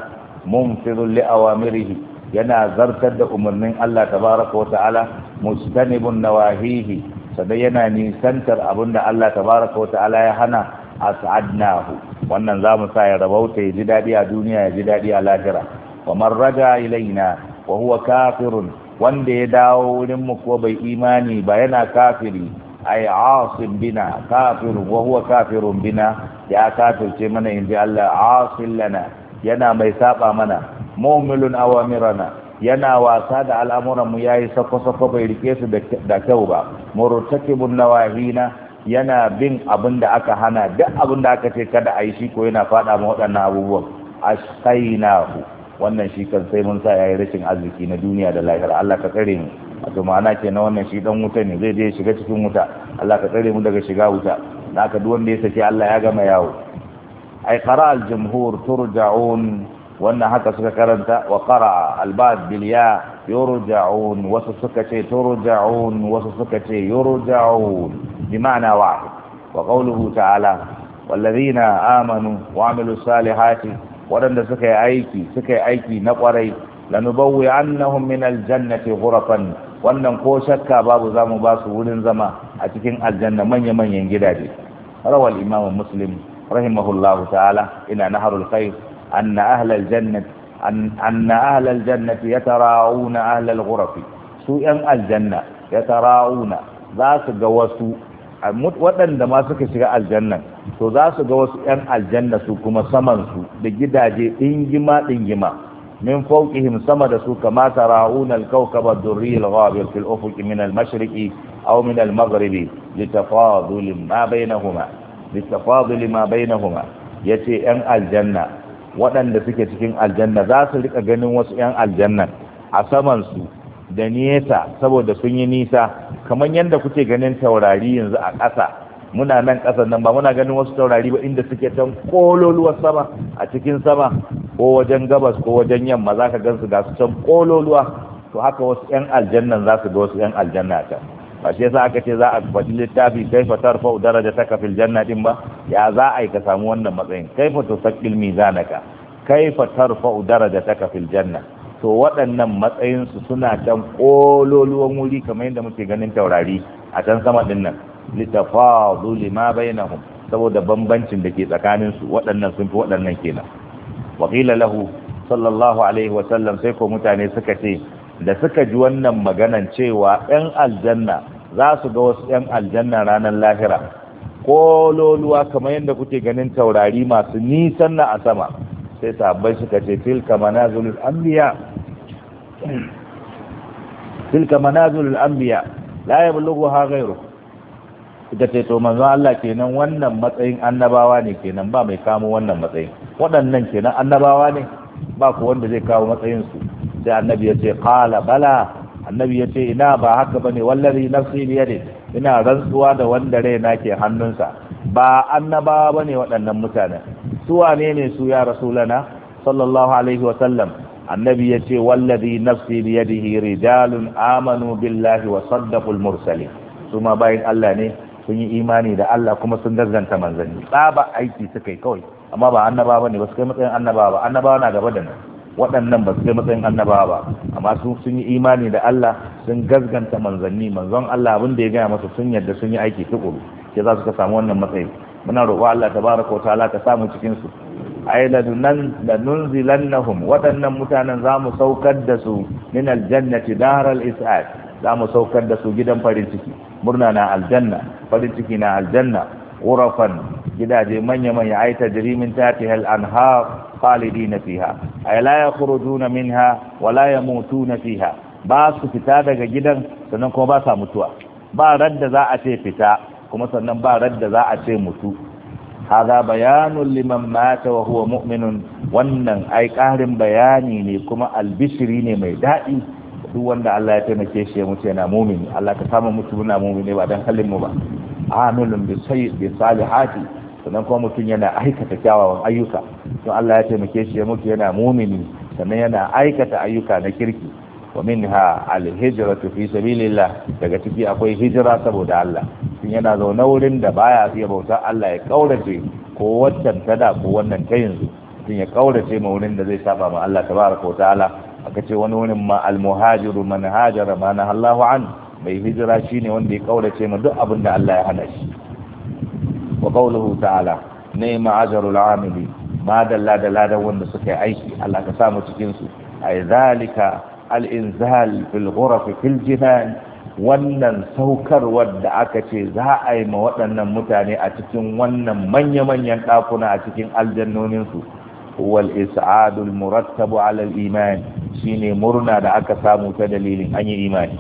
munfidul li awamirihi yana zartar da umarnin Allah tabaraka wa ta'ala mustanibun nawahihi sabai yana nisantar abinda Allah tabaraka wa ta'ala ya hana as'adnahu wannan za mu sa ya rabauta ya ji daɗi a duniya ya ji daɗi a lahira wa man raja ilaina wa huwa kafirun wanda ya dawo wurin mu ko bai imani ba yana kafiri ay asim bina kafir wa huwa kafirun bina ya kafirce mana inji Allah asil lana yana mai saba mana mu'milun awamirana yana wasa da al'amuranmu ya yi sako-sako bai rike su da kyau ba, murtakibun nawahina yana bin abin da aka hana duk abin da aka ce kada a yi shi ko yana fada ma waɗannan abubuwan ku wannan shi kan sai mun sa ya yi rashin arziki na duniya da lahira Allah ka tsare mu a to ma'ana ke na wannan shi dan wuta ne zai je shiga cikin wuta Allah ka tsare mu daga shiga wuta da aka duk wanda ya saki Allah ya gama yawo ai qara al jumhur turja'un wannan haka suka karanta wa qara albad bil ya yurja'un wasu suka ce turja'un wasu suka ce yurja'un bi ma'ana wahid wa qawluhu ta'ala wallazina amanu wa amilus salihati wadanda suka yi aiki suka yi aiki na kwarai lanubawwi annahum min aljannati ghurafan wannan ko shakka babu zamu ba su wurin zama a cikin aljanna manya manyan gidaje rawal imam muslim rahimahullahu ta'ala ina naharul khair أن أهل الجنة أن, أن أهل الجنة يتراعون أهل الغرف سوء الجنة يتراعون ذاك جواسو waɗanda ma suka shiga aljannan to za su ga wasu 'yan aljanna su kuma samansu da gidaje ɗingima-ɗingima min fauƙihim sama da su kama tara'una alkaukaba durri al-ghabir fil ufuq min al-mashriqi aw min al-maghribi litafadul ma bainahuma litafadul ma bainahuma yace 'yan aljanna waɗanda suke cikin aljanna za su rika ganin wasu 'yan aljanna a samansu da nesa saboda sun yi nisa kamar yadda kuke ganin taurari yanzu a ƙasa muna nan ƙasa nan ba muna ganin wasu taurari ba inda suke can kololuwar sama a cikin sama ko wajen gabas ko wajen yamma za ka gansu ga su can kololuwa to haka wasu 'yan aljannan za su ga wasu 'yan aljanna can ba shi yasa aka ce za a faɗi littafi kai fa tarfa daraja ta janna jannatin ba ya za a yi ka samu wannan matsayin kai fa tusaqqil mizanaka kai fa tarfa daraja ta kafin janna to waɗannan matsayin su suna can kololuwan wuri kamar yadda muke ganin taurari a can sama din nan litafadul ma bainahum saboda bambancin da ke tsakanin su waɗannan sun fi waɗannan kenan wa qila lahu sallallahu alaihi wa sallam sai ko mutane suka ce da suka ji wannan maganan cewa ‘yan aljanna za su ga wasu ‘yan aljanna ranar lahira ko loluwa kamar yadda kuke ganin taurari masu nisan na a sama sai sabbai suka ce tilka manazulul anbiya la ya anbiya la yablughuha suka ce to manzo Allah kenan wannan matsayin annabawa ne kenan ba mai kamo wannan matsayin waɗannan kenan annabawa ne ba ku wanda zai kawo matsayinsu? sai annabi ya ce qala bala annabi ya ce ina ba haka bane wallazi nafsi bi yadi ina rantsuwa da wanda na ke hannunsa ba annabawa ne waɗannan mutanen su wane ne su ya rasulana sallallahu alaihi wa sallam annabi ya ce wallazi nafsi bi rijalun amanu billahi wa saddaqul Mursali su ma bayan Allah ne sun yi imani da Allah kuma sun gazzanta manzanni tsaba aiki suka yi kawai amma ba annaba bane ba su kai matsayin annaba ba annaba na gaba da nan waɗannan ba su kai matsayin annabawa ba amma sun yi imani da Allah sun gazganta manzanni manzon Allah abin da ya gaya masa sun yadda sun yi aiki tukuru ke za su ka samu wannan matsayi muna roƙo Allah ta baraka wa ta'ala ka samu cikin su ay ladunan da nunzilannahum waɗannan mutanen za mu saukar da su min aljannati daral is'ad za mu saukar da su gidan farin ciki murna na aljanna farin ciki na aljanna Wurafan gidaje manya-manya ai tajrimin tatiha al falidi na fiha ay la yakhrujuna minha wa mutu na fiha ba su fita daga gidan sannan kuma ba sa mutuwa ba radda za a ce fita kuma sannan ba radda za a ce mutu haza bayanun liman mata wa huwa mu'minun wannan ai karin bayani ne kuma albishiri ne mai daɗi duk wanda Allah ya taimake shi ya mutu yana mumini Allah ka samu mutu muna mumini ba dan halin mu ba amilun bi salihati sannan kuma mutum yana aikata kyawawan ayyuka don Allah ya taimake shi ya mutu yana mumini sannan yana aikata ayyuka na kirki wa minha alhijratu fi sabilillah daga ciki akwai hijira saboda Allah tun yana zaune wurin da baya iya bauta Allah ya kaurace ko wancan tada ko wannan ta yanzu tun ya kaurace ma wurin da zai saba ma Allah tabaraka wa ta'ala aka ce wani wurin ma almuhajiru man hajara ma nahallahu anhu mai hijira shine wanda ya kaurace ma duk abin da Allah ya hana shi wa qawluhu ta'ala ni'ma ajrul amili ma dalla da ladan wanda suka yi aiki Allah ka samu cikin su zalika al inzal fil ghuraf fil jinan wannan saukarwar da aka ce za a yi ma waɗannan mutane a cikin wannan manya-manyan ɗakuna a cikin aljannoninsu wal is'adul murattabu alal al iman shine murna da aka samu ta dalilin an yi imani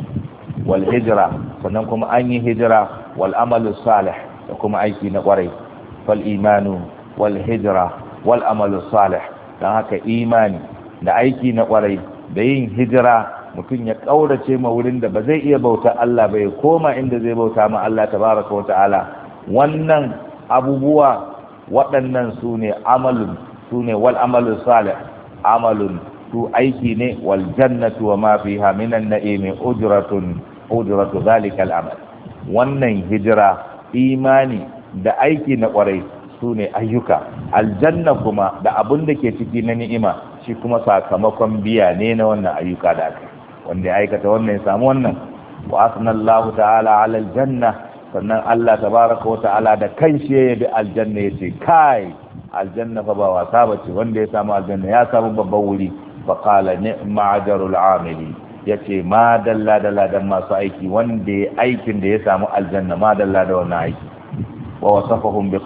wal hijra sannan kuma an yi hijira wal amalu salih da kuma aiki na kwarai fal imanu wal hijra wal amalu salih dan haka imani da aiki na kwarai da yin hijira mutum ya ƙaurace ma wurin da ba zai iya bauta Allah ba ya koma inda zai bauta ma Allah tabaraka wa ta'ala wannan abubuwa waɗannan su ne su wal amalu salih amalun su aiki ne wal jannatu wa ma fiha minan na'imi ujratun qudratu zalika al wannan hijira imani da aiki na kwarai sune ayyuka aljanna kuma da abun da ke ciki na ni'ima shi kuma sakamakon biya ne na wannan ayyuka da aka wanda ya aikata wannan ya samu wannan wa asnallahu ta'ala 'ala janna sannan Allah tabaraka wata'ala da kanshi ya bi aljanna ya ce kai aljanna fa ba wasa bace wanda ya samu aljanna ya samu babban wuri fa qala ni'ma ajrul amili ya ce ma dalla masu aiki wanda ya aikin da ya samu aljanna ma dalla da wannan aiki wa wasafahum bi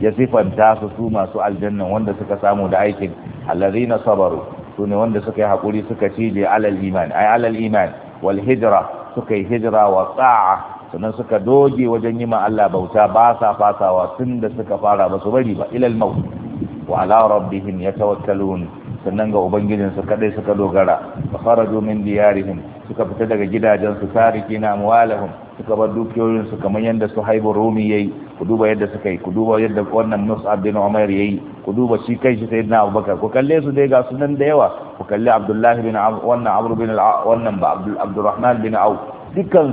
ya sifanta su su masu aljanna wanda suka samu da aikin allazina sabaru sune wanda suka yi hakuri suka cije alal iman ay alal iman wal hijra suka yi hijra wa ta'a sannan suka doge wajen yi ma Allah bauta ba sa fasawa da suka fara ba su bari ba ilal maut wa ala rabbihim yatawakkalun sannan ga ubangijinsu kadai suka dogara fa kharaju min diyarihim suka fita daga gidajensu na amwalahum suka bar dukiyoyinsu kamar yadda su haibu rumi yayi ku duba yadda suka yi ku duba yadda wannan mus'ab bin umar yayi ku duba shi kai shi sayyidina abubakar ku kalle su dai ga sunan da yawa ku kalli abdullahi bin wannan amr bin wannan ba abdurrahman bin au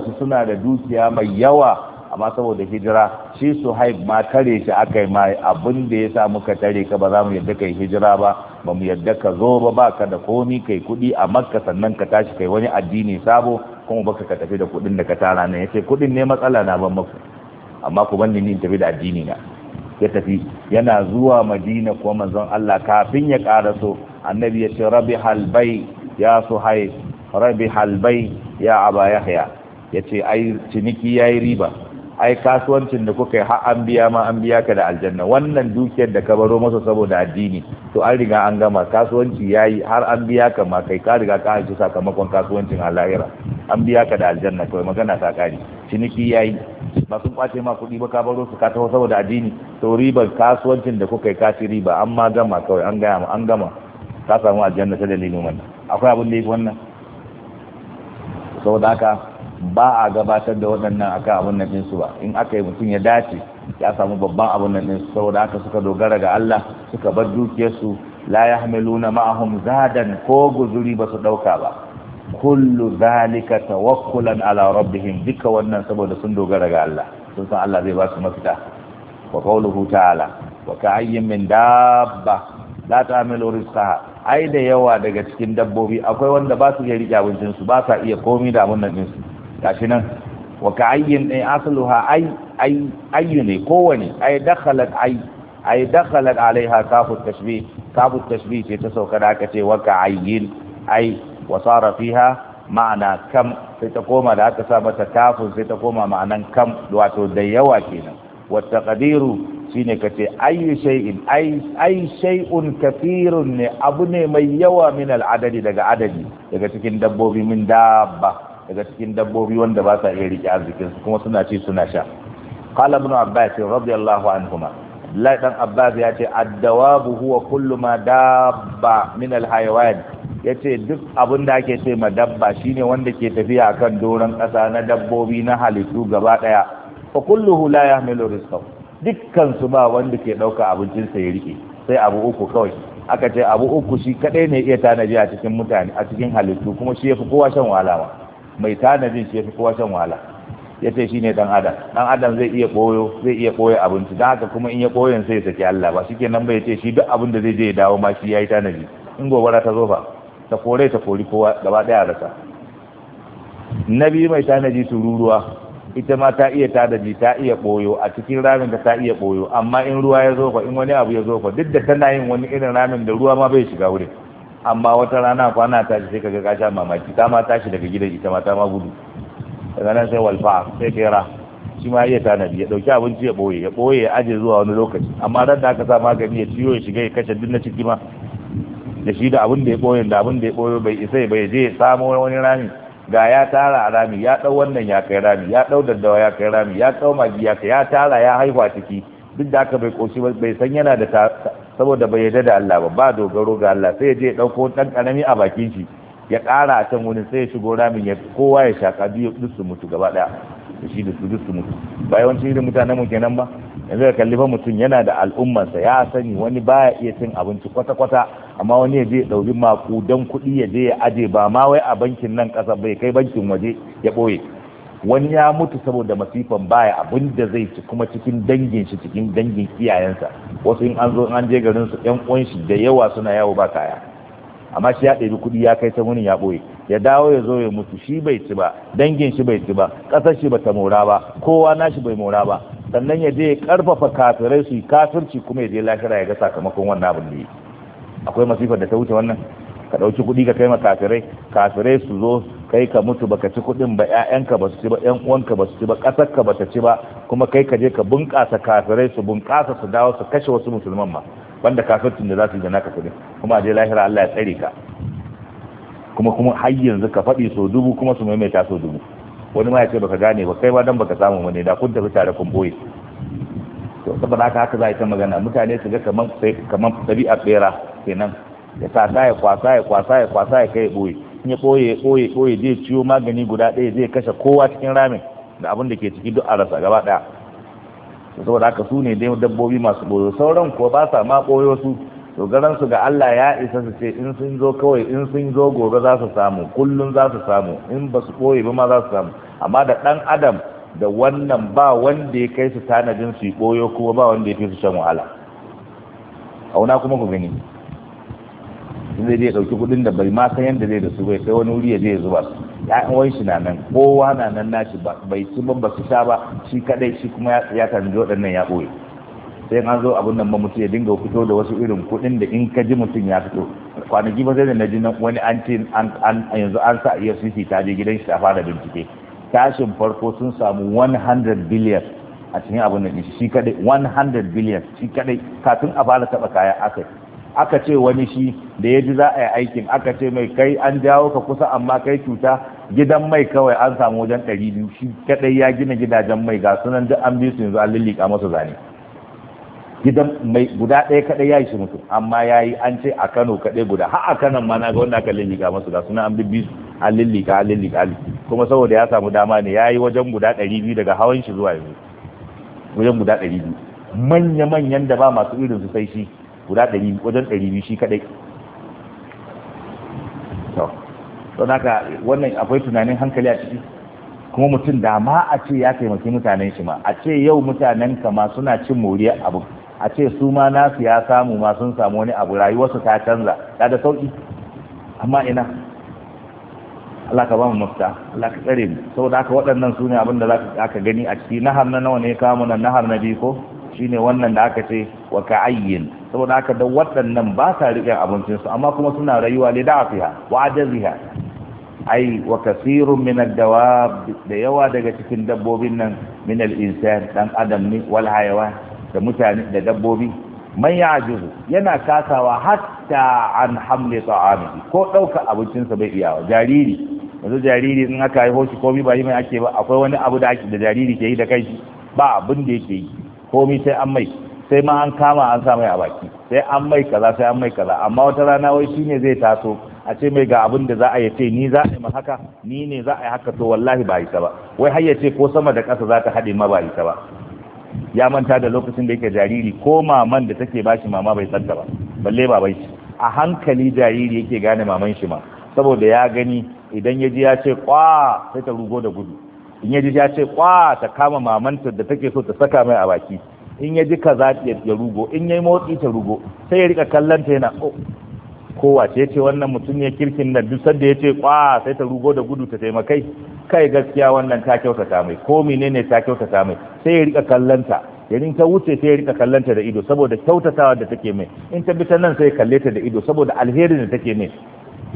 su suna da dukiya mai yawa amma saboda hijira shi su suhaib ma tare shi aka yi ma abin da ya sa muka tare ka ba za mu yadda kai hijira ba ba mu yadda ka zo ba ba ka da komi kai kudi a makka sannan ka tashi kai wani addini sabo kuma baka ka tafi da kuɗin da ka tara ya yace kuɗin ne matsala na ban maku amma ku ban ni tafi da addini na ya tafi yana zuwa madina ko manzon Allah kafin ya karaso annabi ya ce rabi halbai ya suhaib rabi halbai ya aba yahya yace ai ciniki yayi riba ai kasuwancin da kuka yi har an biya ma an biya ka da aljanna wannan dukiyar da ka baro masa saboda addini to an riga an gama kasuwanci yayi har an biya ka ma kai ka riga ka haifi sakamakon kasuwancin a an biya ka da aljanna kawai magana ta kare ciniki yayi ba sun kwace ma kuɗi ba ka baro su ka taho saboda addini to ribar kasuwancin da kuka yi ka ci riba an ma gama kawai an gama an gama ka samu aljanna ta dalilin wannan akwai abin da fi wannan saboda haka ba a gabatar da waɗannan akan abin nan ɗinsu ba in aka yi mutum ya dace ya samu babban abin nan ɗinsu saboda aka suka dogara ga Allah suka bar dukiyarsu la yahmiluna ma'ahum zadan ko guzuri ba su ɗauka ba kullu zalika tawakkulan ala rabbihim duka wannan saboda sun dogara ga Allah sun san Allah zai ba su mafita wa qawluhu ta'ala wa ka'ayyin min dabba la ta'milu rizqaha ai da yawa daga cikin dabbobi akwai wanda ba su iya riƙe abincinsu ba sa iya komi da abin nan ɗinsu gashi nan wa ka ayyin ɗin asaluha ayyu ne kowane ay dakhalat ay ay dakhalat alaiha kafu kafu ce ta sauka da aka ce wa ka ayyin ay wa sara fiha ma'ana kam sai ta koma da aka sa mata kafin sai ta koma ma'anan kam wato da yawa kenan wa taqdiru shine kace ayyu shay'in ay ay shay'un kathirun ne abu ne mai yawa min al'adadi daga adadi daga cikin dabbobi min dabba daga cikin dabbobi wanda ba sa iya rike arzikin su kuma suna ci suna sha qala ibn abbas radiyallahu anhuma Abdullahi dan Abbas ya ce adawabu huwa kullu ma dabba min alhayawan yace duk abin da ake ce ma dabba shine wanda ke tafiya a kan doron ƙasa na dabbobi na halittu gaba daya fa kulluhu la yahmilu rizqahu dukkan su ba wanda ke ɗauka abincin sa ya rike sai abu uku kawai aka ce abu uku shi kadai ne iya tanaji a cikin mutane a cikin halittu kuma shi fi kowa shan walawa mai tanadin shi fi kowa shan wahala ya ce ne dan adam dan adam zai iya koyo zai iya koyo abinci dan haka kuma in ya koyo sai ya saki Allah ba nan bai ce shi duk abin da zai je ya dawo ma shi yayi tanadi in gobara ta zo fa ta kore ta kori kowa gaba daya rasa nabi mai tanadi tururuwa ita ma ta iya tadaji ta iya koyo a cikin ramin da ta iya koyo amma in ruwa ya zo fa in wani abu ya zo fa duk da tana yin wani irin ramin da ruwa ma bai shiga wurin amma wata rana kwana tashi sai kaga kasha mamaki ta ma tashi daga gidan ita ma ta ma gudu daga nan sai walfa sai kera shi ma iya tanadi ya dauki abinci ya boye ya boye ya aje zuwa wani lokaci amma ran da aka sa magani ya ciyo ya shiga ya kashe duk na ciki ma da shi da abin da ya boye da abin da ya boye bai isa bai je ya samo wani rami ga ya tara a rami ya dau wannan ya kai rami ya dau daddawa ya kai rami ya dau magi ya kai ya tara ya haifa ciki duk da aka bai koshi bai san yana da saboda bai yarda da Allah ba ba dogaro ga Allah sai ya je dauko dan karami a bakin shi ya kara a can wurin sai ya shigo ramin ya kowa ya shaka biyu duk su mutu gaba daya da shi da su duk su mutu ba yawanci irin mutanen mu kenan ba yanzu ka kalli mutum yana da al'ummarsa ya sani wani baya iya cin abinci kwata kwata amma wani ya je ya dauki makudan kuɗi ya je ya aje ba ma wai a bankin nan ƙasa bai kai bankin waje ya ɓoye wani ya mutu saboda masifan baya abin da zai ci kuma cikin dangin shi cikin dangin iyayensa wasu in an zo an je garin su yan uwan shi da yawa suna yawo ba kaya amma shi ya ɗebi kuɗi ya kai ta wani ya ɓoye ya dawo ya zo ya mutu shi bai ci ba dangin shi bai ci ba ƙasar shi bata mora ba kowa nashi bai mora ba sannan ya je ya ƙarfafa kafirai su yi kafirci kuma ya je lahira ya ga sakamakon wannan abin da yi akwai masifar da ta wuce wannan ka ɗauki kuɗi ka kai ma kafirai kafirai su zo kai ka mutu baka ci kuɗin ba ƴaƴanka ba su ci ba ƴan uwanka ba su ci ba ƙasar ka ba ta ci ba kuma kai ka je ka bunƙasa kafirai su bunƙasa su dawo su kashe wasu musulman ma banda kafircin da za su yi da naka kuɗin kuma a je lahira Allah ya tsare ka kuma kuma har yanzu ka faɗi so dubu kuma su maimaita so dubu wani ma ya ce baka gane ba kai ba dan baka samu ba ne da kun tafi tare kun boye to saboda haka haka za a yi ta magana mutane su ga kaman kaman ɗabi'a tsera kenan ya sata ya kwasa ya kwasa ya ya kai boye ya boye boye boye zai ciwo magani guda ɗaya zai kashe kowa cikin ramin da abin da ke ciki duk a rasa gaba ɗaya saboda haka su ne dai dabbobi masu boye sauran ko ba sa ma boyo su su ga Allah ya isa su ce in sun zo kawai in sun zo gobe za su samu kullum za su samu in ba su ɓoye ba ma za su samu amma da ɗan adam da wannan ba wanda ya kai su tanadin su yi ɓoyo kuma ba wanda ya fi su shan wahala auna kuma ku gani zai je dauki kudin da bai ma san yanda zai da su bai sai wani wuri ya je zuba su ya'yan wani shi na nan kowa na nan nashi bai ci ba ba su sha ba shi kadai shi kuma ya tanji waɗannan ya ɓoye sai an zo abun nan ba mutum ya dinga fito da wasu irin kuɗin da in ka ji mutum ya fito kwanaki ba sai da na ji wani an ce yanzu an sa sisi e ta je gidan shi ta fara bincike tashin farko sun samu 100 billion a cikin abin da shi kadai 100 billion shi kadai kafin a fara taba kaya aka aka ce wani shi da ya ji za a yi aikin aka ce mai kai an jawo ka kusa amma kai cuta gidan mai kawai an samu wajen ɗari biyu shi kaɗai ya gina gidajen mai ga sunan duk an bi su yanzu an lullika masa zane gidan mai guda ɗaya kaɗai ya yi shi mutum amma ya yi an ce a kano kaɗai guda har a kanan ma na ga wanda aka lullika masa ga sunan an bi su an lullika an lullika. kuma saboda ya samu dama ne ya yi wajen guda ɗari biyu daga hawan shi zuwa yanzu wajen guda ɗari biyu manya-manyan da ba masu irin su sai shi guda ɗari wajen ɗari biyu shi kaɗai to haka wannan akwai tunanin hankali a ciki kuma mutum da ma a ce ya taimaki mutanen shi ma a ce yau mutanen ka ma suna cin moriyar abu a ce su ma nasu ya samu ma sun samu wani abu rayuwarsu ta canza ta da sauƙi amma ina Allah ka ba mu mafita Allah ka tsare mu saboda haka waɗannan su ne abin da za ka gani a ciki nahar na nawa ne kawo nan nahar na biyu ko shine wannan da aka ce wa ka ka'ayyin saboda haka da waɗannan ba sa riƙe abincinsu amma kuma suna rayuwa ne da afiya wa ajaziha ai wa kasirun min ad-dawab da yawa daga cikin dabbobin nan min al-insan dan adam ne wal hayawan da mutane da dabbobi man ya'juzu yana kasawa hatta an hamli ta'amihi ko dauka abincinsa bai iya wa jariri yanzu jariri in aka haifo shi komai ba yi mai ake ba akwai wani abu da ake da jariri ke yi da kai ba abin da yake yi komai sai an mai sai ma an kama an sa mai a baki sai an mai kaza sai an mai kaza amma wata rana wai shine zai taso a ce mai ga abin da za a yi ce ni za a yi haka ni ne za a yi haka to wallahi ba isa ba wai har ya ce ko sama da ƙasa za ta haɗe ma ba isa ba ya manta da lokacin da yake jariri ko maman da take bashi mama bai santa ba balle ba bai a hankali jariri yake gane maman shi ma saboda ya gani idan ya ji ya ce kwa sai ta rugo da gudu in ya ji ya ce kwa ta kama mamanta da take so ta saka mai a baki in ya ji kaza ya rugo in ya yi motsi ta rugo sai ya rika kallon ta yana oh, kowa ce ce wannan mutum ya kirkin nan duk sanda ya ce kwa sai ta rugo da gudu ta taimakai kai gaskiya wannan ta kyautata mai ko menene ta kyautata mai sai ya rika kallon ta yarin ta wuce sai ya rika kallon ta da ido saboda kyautatawa da take mai in ta bi ta nan sai kalle ta da ido saboda alherin da take mai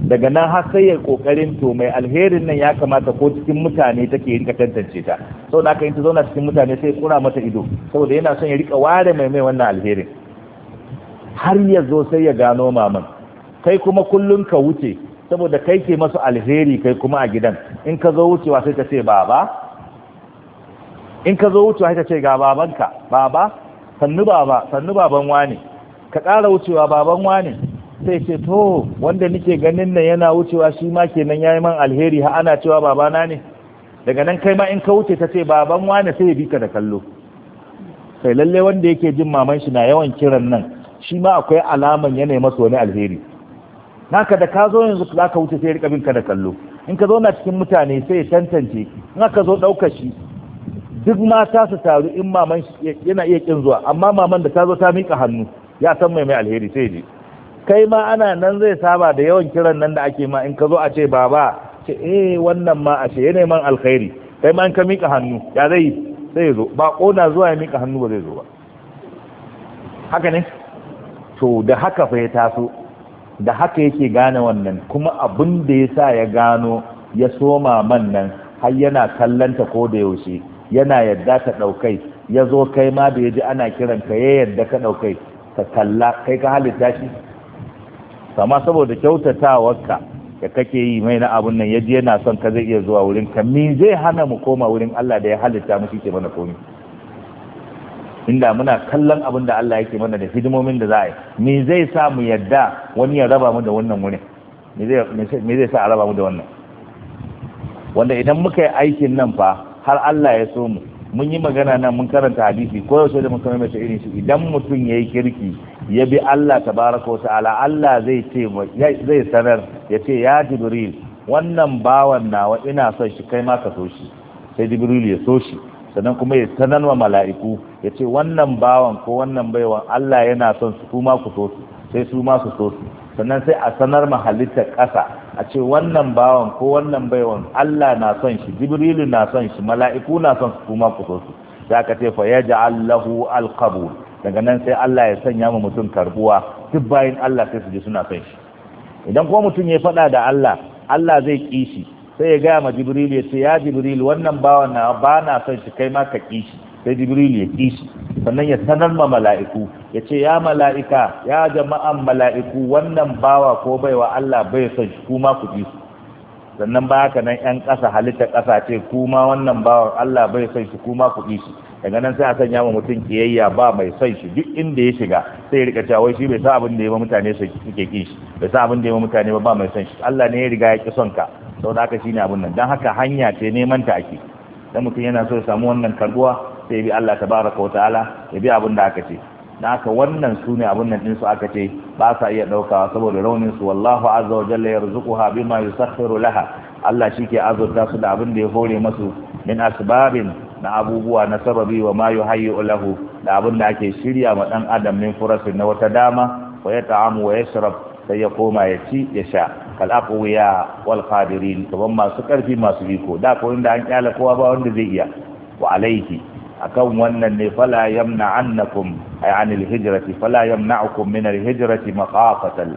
daga nan har sai ya kokarin to mai alherin nan ya kamata ko cikin mutane take rinka tantance ta saboda haka in ta zauna cikin mutane sai kura mata ido saboda yana son ya rika ware mai mai wannan alherin har ya zo sai ya gano maman kai kuma kullun ka wuce saboda kai ke masu alheri kai kuma a gidan in ka zo wucewa sai ka ce baba in ka zo wucewa sai ka ce ga babanka baba sannu baba sannu baban wani ka ƙara wucewa baban wani sai ce to wanda nake ganin nan yana wucewa shi ma kenan yayi man alheri ha ana cewa babana ne daga nan kai ma in ka wuce ta ce baban wane sai ya bika da kallo sai lalle wanda yake jin maman shi na yawan kiran nan shi ma akwai alaman yana masa wani alheri naka da ka zo yanzu za ka wuce sai ya rika bin ka da kallo in ka zo na cikin mutane sai ya tantance in aka zo ɗaukar shi duk mata su taru in maman yana iya kin zuwa amma maman da ta zo ta miƙa hannu ya san mai mai alheri sai ya je kai ma ana nan zai saba da yawan kiran nan da ake ma in ka zo a ce baba ce eh wannan ma a ce ya neman alkhairi kai ma in ka mika hannu ya zai zai zo ba kona zuwa ya mika hannu ba zai zo ba haka ne to da haka fa ya taso da haka yake gane wannan kuma abin da ya sa ya gano ya soma man nan har yana kallanta ko da yaushe yana yadda ta ɗaukai ya zo kai ma da ya ji ana kiranka ya yadda ka ɗaukai ka kalla kai ka halitta shi kama saboda kyautatawarka da kake yi mai na abun nan yaji yana son ka zai iya zuwa wurin ka me zai hana mu koma wurin Allah da ya halitta mu ke mana komai inda muna kallon abin da Allah yake mana da hidimomin da za a me zai sa mu yadda wani ya raba mu da wannan wurin me zai sa a raba mu da wannan wanda idan muka yi aikin nan fa har Allah ya so mu mun yi magana nan mun karanta hadisi ko yaushe da muka mai irin shi idan mutum ya yi kirki ya bi Allah ta baraka wa ta'ala Allah zai ce zai sanar ya ce ya Jibril wannan bawan nawa ina son shi kai ma ka so shi sai Jibril ya so shi sannan kuma ya sanar wa mala'iku ya ce wannan bawan ko wannan baiwan Allah yana son su kuma ku so su sai su ma su so su sannan sai a sanar ma ƙasa a ce wannan bawan ko wannan baiwan Allah na son shi jibrilu na son shi mala'iku na son su kuma ku so su za ka ce fa yaj'al allahu alqabul daga nan sai Allah ya sanya mu mutum karbuwa duk bayan Allah sai su ji suna son shi idan kuma mutum ya faɗa da Allah Allah zai ƙi sai ya gaya ma jibrilu ya ce ya jibrilu wannan bawan na ba na son shi kai ma ka ƙi sai jibril ya kishi sannan ya sanar ma mala'iku ya ce ya mala'ika ya jama'an mala'iku wannan bawa ko baiwa Allah bai son shi kuma ku ji su sannan ba haka nan yan ƙasa halitta ƙasa ce kuma wannan bawa Allah bai son shi kuma ku ji shi daga nan sai a sanya ma mutum kiyayya ba mai son shi duk inda ya shiga sai ya rika cewa shi bai sa abin da ya ba mutane suke kin shi bai sa abin da ya ba mutane ba ba mai son shi Allah ne ya riga ya ki son ka saboda haka shine abin nan dan haka hanya ce neman ta ake dan mutum yana so ya samu wannan karbuwa sai bi Allah tabaraka wa ta'ala ya bi abin da aka ce Na haka wannan su ne abin nan ɗinsu aka ce ba sa iya ɗaukawa saboda raunin su wallahu azza wa jalla yarzuquha bima yusakhiru laha Allah shi ke azurta su da abin da ya hore masu min asbabin na abubuwa na sababi wa ma yuhayyi lahu da abin da ake shirya ma dan adam min furasin na wata dama wa yata'amu wa yashrab sai ya koma ya ci ya sha kal aqwiya wal qadirin kaman masu karfi masu biko. da ko inda an kyala kowa ba wanda zai iya wa alaihi akan wannan ne fala yamna annakum ay anil hijrati fala yamna'ukum min al hijrati maqafatal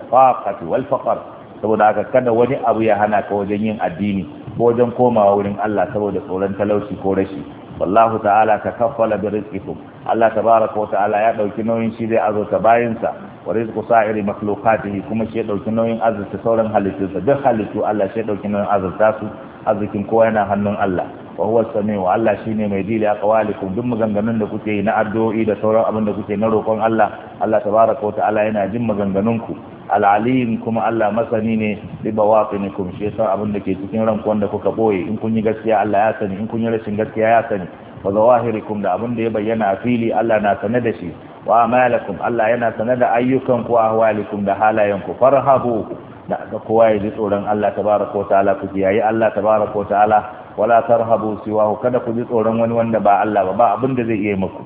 wal faqr saboda haka kada wani abu ya hana ka wajen yin addini ko wajen komawa wurin Allah saboda tsoron talauci ko rashi wallahu ta'ala kaffala bi rizqikum Allah tabaraka wa ta'ala ya dauki nauyin shi zai azurta sa, wa rizqu sa'iri makhluqatihi kuma shi ya dauki nauyin azurta sauran halittunsa duk halittu Allah shi ya dauki nauyin azurta su arzikin kowa yana hannun Allah wa huwa samiu Allah shine mai ji da aqwalikum duk maganganun da kuke yi na addu'o'i da sauran abin da kuke na roƙon Allah Allah baraka wa ta'ala yana jin maganganunku al'alim kuma Allah masani ne bi bawaqinikum shi yasa abin da ke cikin ranku wanda kuka boye in kun yi gaskiya Allah ya sani in kun yi rashin gaskiya ya sani wa zawahirikum da abin da ya bayyana a fili Allah na sane da shi wa amalakum Allah yana sane da ayyukan ku ahwalikum da halayen ku farhabu da aka kowa ya ji tsoron Allah tabaraka wa ta'ala ku kiyaye Allah tabaraka wa ta'ala wala tarhabu siwahu kada ku ji tsoron wani wanda ba Allah ba ba abin da zai iya muku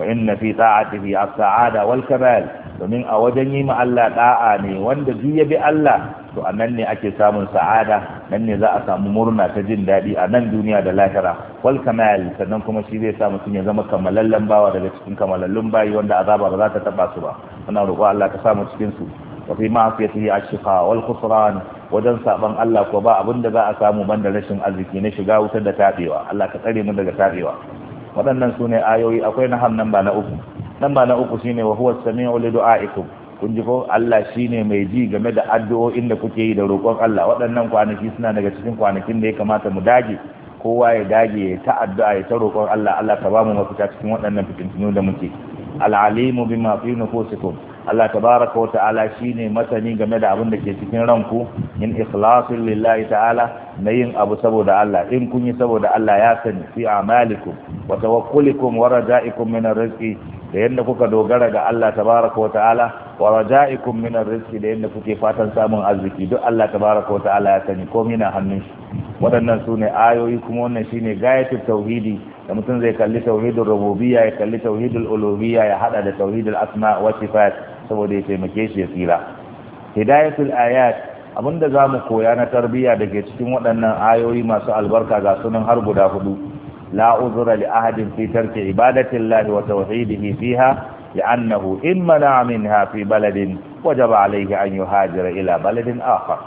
fa inna fi ta'atihi as-sa'ada wal kamal domin a wajen yi ma Allah da'a ne wanda duk ya bi Allah to a nan ne ake samun sa'ada nan ne za a samu murna ta jin daɗi a nan duniya da lahira wal kamal sannan kuma shi zai sa mutum ya zama kamalallen bawa daga cikin kamalallun bayi wanda azaba ba za ta taba su ba muna roƙo Allah ka sa mu cikin su wa fi ma'asiyatihi ash wal khusran wajen saban Allah ko ba abinda za a samu banda rashin arziki na shiga wutar da tabewa Allah ka tsare mu daga tabewa waɗannan sune ayoyi akwai na ham nan ba na uku nan ba na uku shine wa huwa samiu li du'a'ikum kun ji ko Allah shine mai ji game da addu'o'in da kuke yi da roƙon Allah waɗannan kwanaki suna daga cikin kwanakin da ya kamata mu dage kowa ya dage ya ta addu'a ya ta roƙon Allah Allah ka ba mu mafita cikin waɗannan fitintunu da muke alalimu bima fi nufusikum Allah tabaraka wa ta'ala shine masani game da abin da ke cikin ranku in ikhlasin lillahi ta'ala na yin abu saboda Allah in kun yi saboda Allah ya sani fi amalikum wa tawakkulikum wa raja'ikum min arziki da yadda kuka dogara ga Allah tabaraka wa ta'ala wa raja'ikum min arziki da yadda kuke fatan samun arziki duk Allah tabaraka wa ta'ala ya sani ko mina hannun shi waɗannan su ne ayoyi kuma wannan shine gayatul tauhidi da mutum zai kalli tauhidul rububiyya ya kalli tauhidul uluhiyya ya hada da tauhidul asma wa sifat saboda ya taimake shi ya tsira hidayatul ayat abinda za mu koya na tarbiyya da ke cikin waɗannan ayoyi masu albarka ga sunan har guda hudu la uzra li ahadin fi tarki ibadatillahi wa tawhidihi fiha li'annahu in mana minha fi baladin wajaba alayhi an yuhajira ila baladin akhar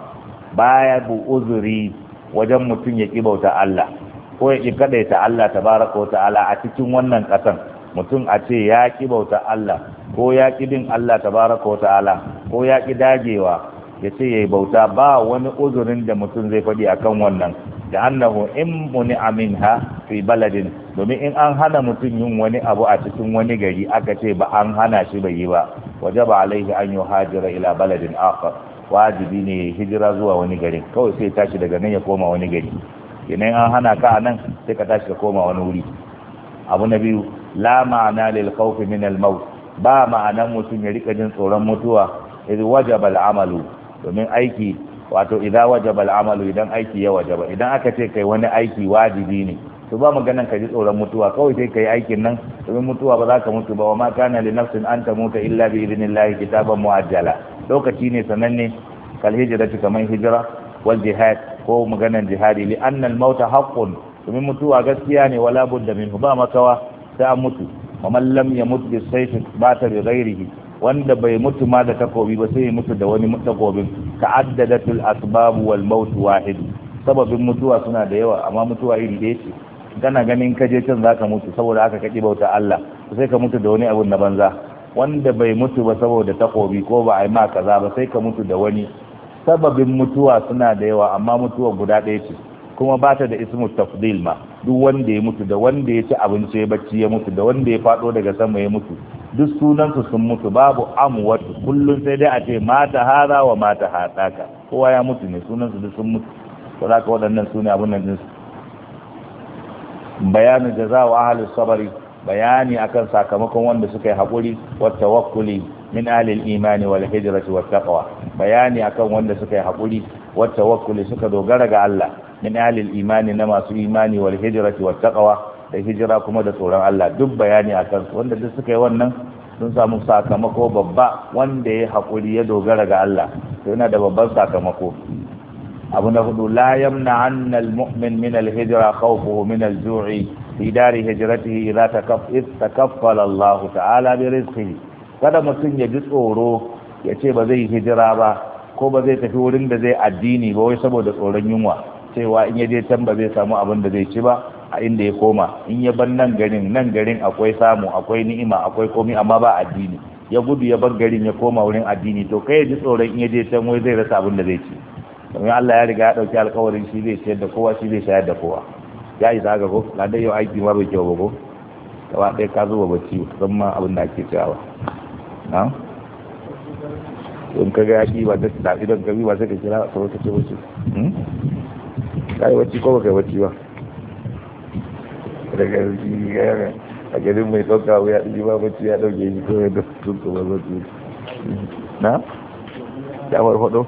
baya bu uzuri wajen mutum ya kibauta Allah ko ya kadaita Allah tabaraka wa ta'ala a cikin wannan kasan mutum a ce ya ki bauta Allah ko ya ki bin Allah tabaraka wa ta'ala ko ya ki dagewa ya ce yayi bauta ba wani uzurin da mutum zai faɗi akan wannan da annahu in amin ha fi baladin domin in an hana mutum yin wani abu a cikin wani gari aka ce ba an hana shi bai yi ba waje ba alaihi an hajira ila baladin akhar wajibi ne ya hijira zuwa wani gari kawai sai tashi daga nan ya koma wani gari kenan an hana ka nan sai ka tashi ka koma wani wuri abu na biyu la ma'ana lil khawf min al maut ba ma'anan mutum ya rika jin tsoron mutuwa idh wajaba al amalu domin aiki wato idza wajaba al amalu idan aiki ya wajaba idan aka ce kai wani aiki wajibi ne to ba maganan ka ji tsoron mutuwa kawai sai kai aikin nan domin mutuwa ba za ka mutu ba wa ma kana li nafsin an tamuta illa bi idnillahi kitaban muajjala lokaci ne sananne kal hijratu kaman hijra wal jihad ko maganan jihadi li anna al mauta haqqun domin mutuwa gaskiya ne wala budda minhu ba makawa ta mutu mamman lam ya mutu bi ba ta bi ghairihi wanda bai mutu ma da takobi ba sai ya mutu da wani takobin ta'addadatul asbabu wal maut wahid sababin mutuwa suna da yawa amma mutuwa iri ɗaya ce kana ganin ka je can zaka mutu saboda aka ka bauta Allah sai ka mutu da wani abun na banza wanda bai mutu ba saboda takobi ko ba a yi ma kaza ba sai ka mutu da wani sababin mutuwa suna da yawa amma mutuwa guda ɗaya ce kuma ba ta da ismu tafdil ma duk wanda ya mutu da wanda ya ci abinci ya bacci ya mutu da wanda ya fado daga sama ya mutu duk sunansu sun mutu babu amwatu kullum sai dai a ce mata hada wa mata hadaka kowa ya mutu ne sunansu duk sun mutu to zaka waɗannan sune abun nan din bayanin wa ahli sabari bayani akan sakamakon wanda suka yi hakuri wa tawakkuli min alil imani wal hijrati wat taqwa bayani akan wanda suka yi hakuri wa tawakkuli suka dogara ga Allah min alil imani na masu imani wal hijrati wat taqwa da hijira kuma da tsoron Allah duk bayani akan su wanda duk suka yi wannan sun samu sakamako babba wanda ya haƙuri ya dogara ga Allah to yana da babban sakamako abu na hudu la yamna anna almu'min min alhijra khawfuhu min aljui fi dari hijratihi idza takaffala Allah ta'ala bi rizqihi kada mutum ya ji tsoro ya ce ba zai hijira ba ko ba zai tafi wurin da zai addini ba wai saboda tsoron yunwa cewa in ya je can ba zai samu abin da zai ci ba a inda ya koma in ya bar nan garin nan garin akwai samu akwai ni'ima akwai komi amma ba addini ya gudu ya bar garin ya koma wurin addini to kai ji tsoron in ya je can wai zai rasa abin da zai ci domin Allah ya riga ya dauki alkawarin shi zai ciyar da kowa shi zai shayar da kowa ya isa zaga ko na dai yau aiki ma bai kyau ba ko gaba ɗaya ka zuba bacci zan ma abin da ake cewa na in ka ga ya ba da idan ka bi ba sai ka kira ka wata ce wuce hmm? ka yi wacce ko ba ka yi wacce ba daga gara a gidan mai tsoka wuya ɗin ba wacce ya ɗauke yi ko ya da sun tsoba wacce na damar hudu?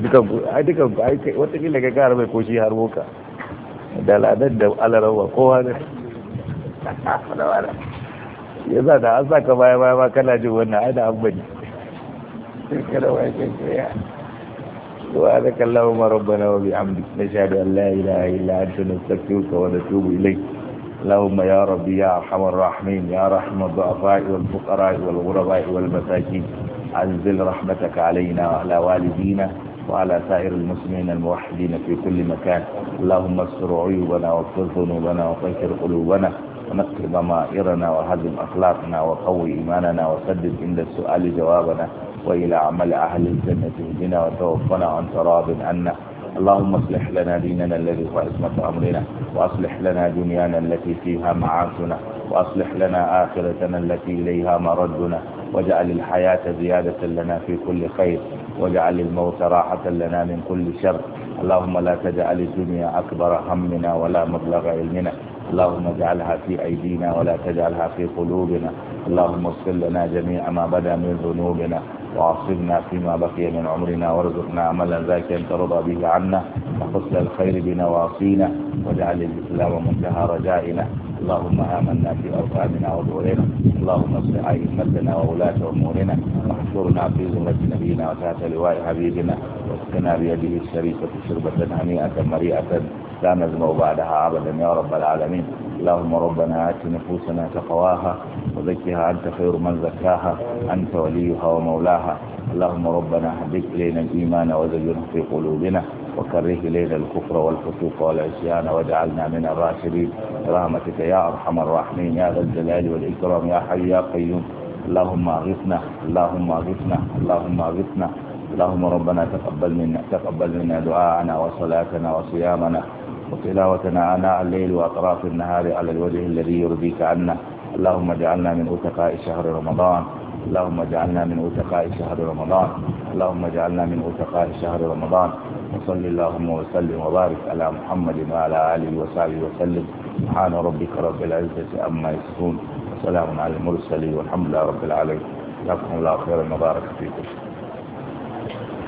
dukan ku ai dukan ku ai watakila ka kara mai koshi har moka da ladan da alarawa kowa ne ya za da an ka baya baya kana jin wannan ai da an bani kada kai سبحانك اللهم ربنا وبحمدك نشهد أن لا إله إلا أنت نستغفرك ونتوب إليك اللهم يا ربي يا أرحم الراحمين يا رحم الضعفاء والفقراء والغرباء والمساكين أنزل رحمتك علينا وعلى والدينا وعلى سائر المسلمين الموحدين في كل مكان اللهم استر عيوبنا واغفر ذنوبنا وطهر قلوبنا ونقل ضمائرنا وهزم أخلاقنا وقوي إيماننا وسدد عند السؤال جوابنا وإلى عمل أهل الجنة اهدنا وتوفنا عن تراب عنا اللهم اصلح لنا ديننا الذي هو عصمة أمرنا وأصلح لنا دنيانا التي فيها معاشنا وأصلح لنا آخرتنا التي إليها مردنا واجعل الحياة زيادة لنا في كل خير واجعل الموت راحة لنا من كل شر اللهم لا تجعل الدنيا أكبر همنا ولا مبلغ علمنا اللهم اجعلها في أيدينا ولا تجعلها في قلوبنا اللهم اغفر لنا جميع ما بدا من ذنوبنا وعصرنا فيما بقي من عمرنا وارزقنا عملا ذاك أن ترضى به عنا وحسن الخير بنواصينا واجعل الإسلام منتهى رجائنا اللهم آمنا في أرقامنا ودورنا اللهم اصلح أئمتنا وولاة أمورنا واحشرنا في زمرة نبينا وتحت لواء حبيبنا واسقنا بيده الشريفة شربة هنيئة مريئة لا نزمع بعدها أبدا يا رب العالمين اللهم ربنا آت نفوسنا تقواها وزكها أنت خير من زكاها أنت وليها ومولاها اللهم ربنا هدك إلينا الإيمان وزينه في قلوبنا وكره إلينا الكفر والفسوق والعصيان واجعلنا من الراشدين برحمتك يا أرحم الراحمين يا ذا الجلال والإكرام يا حي يا قيوم اللهم اغثنا اللهم اغثنا اللهم اغثنا اللهم ربنا تقبل منا تقبل منا دعاءنا وصلاتنا وصيامنا وتلاوتنا عناء الليل وأطراف النهار على الوجه الذي يرضيك عنا اللهم اجعلنا من أتقاء شهر رمضان اللهم اجعلنا من أتقاء شهر رمضان اللهم اجعلنا من أتقاء شهر رمضان وصل اللهم وسلم وبارك على محمد وعلى آله وصحبه وسلم سبحان ربك رب العزة أما يصفون وسلام على المرسلين والحمد لله رب العالمين لكم الله خيرا وبارك فيكم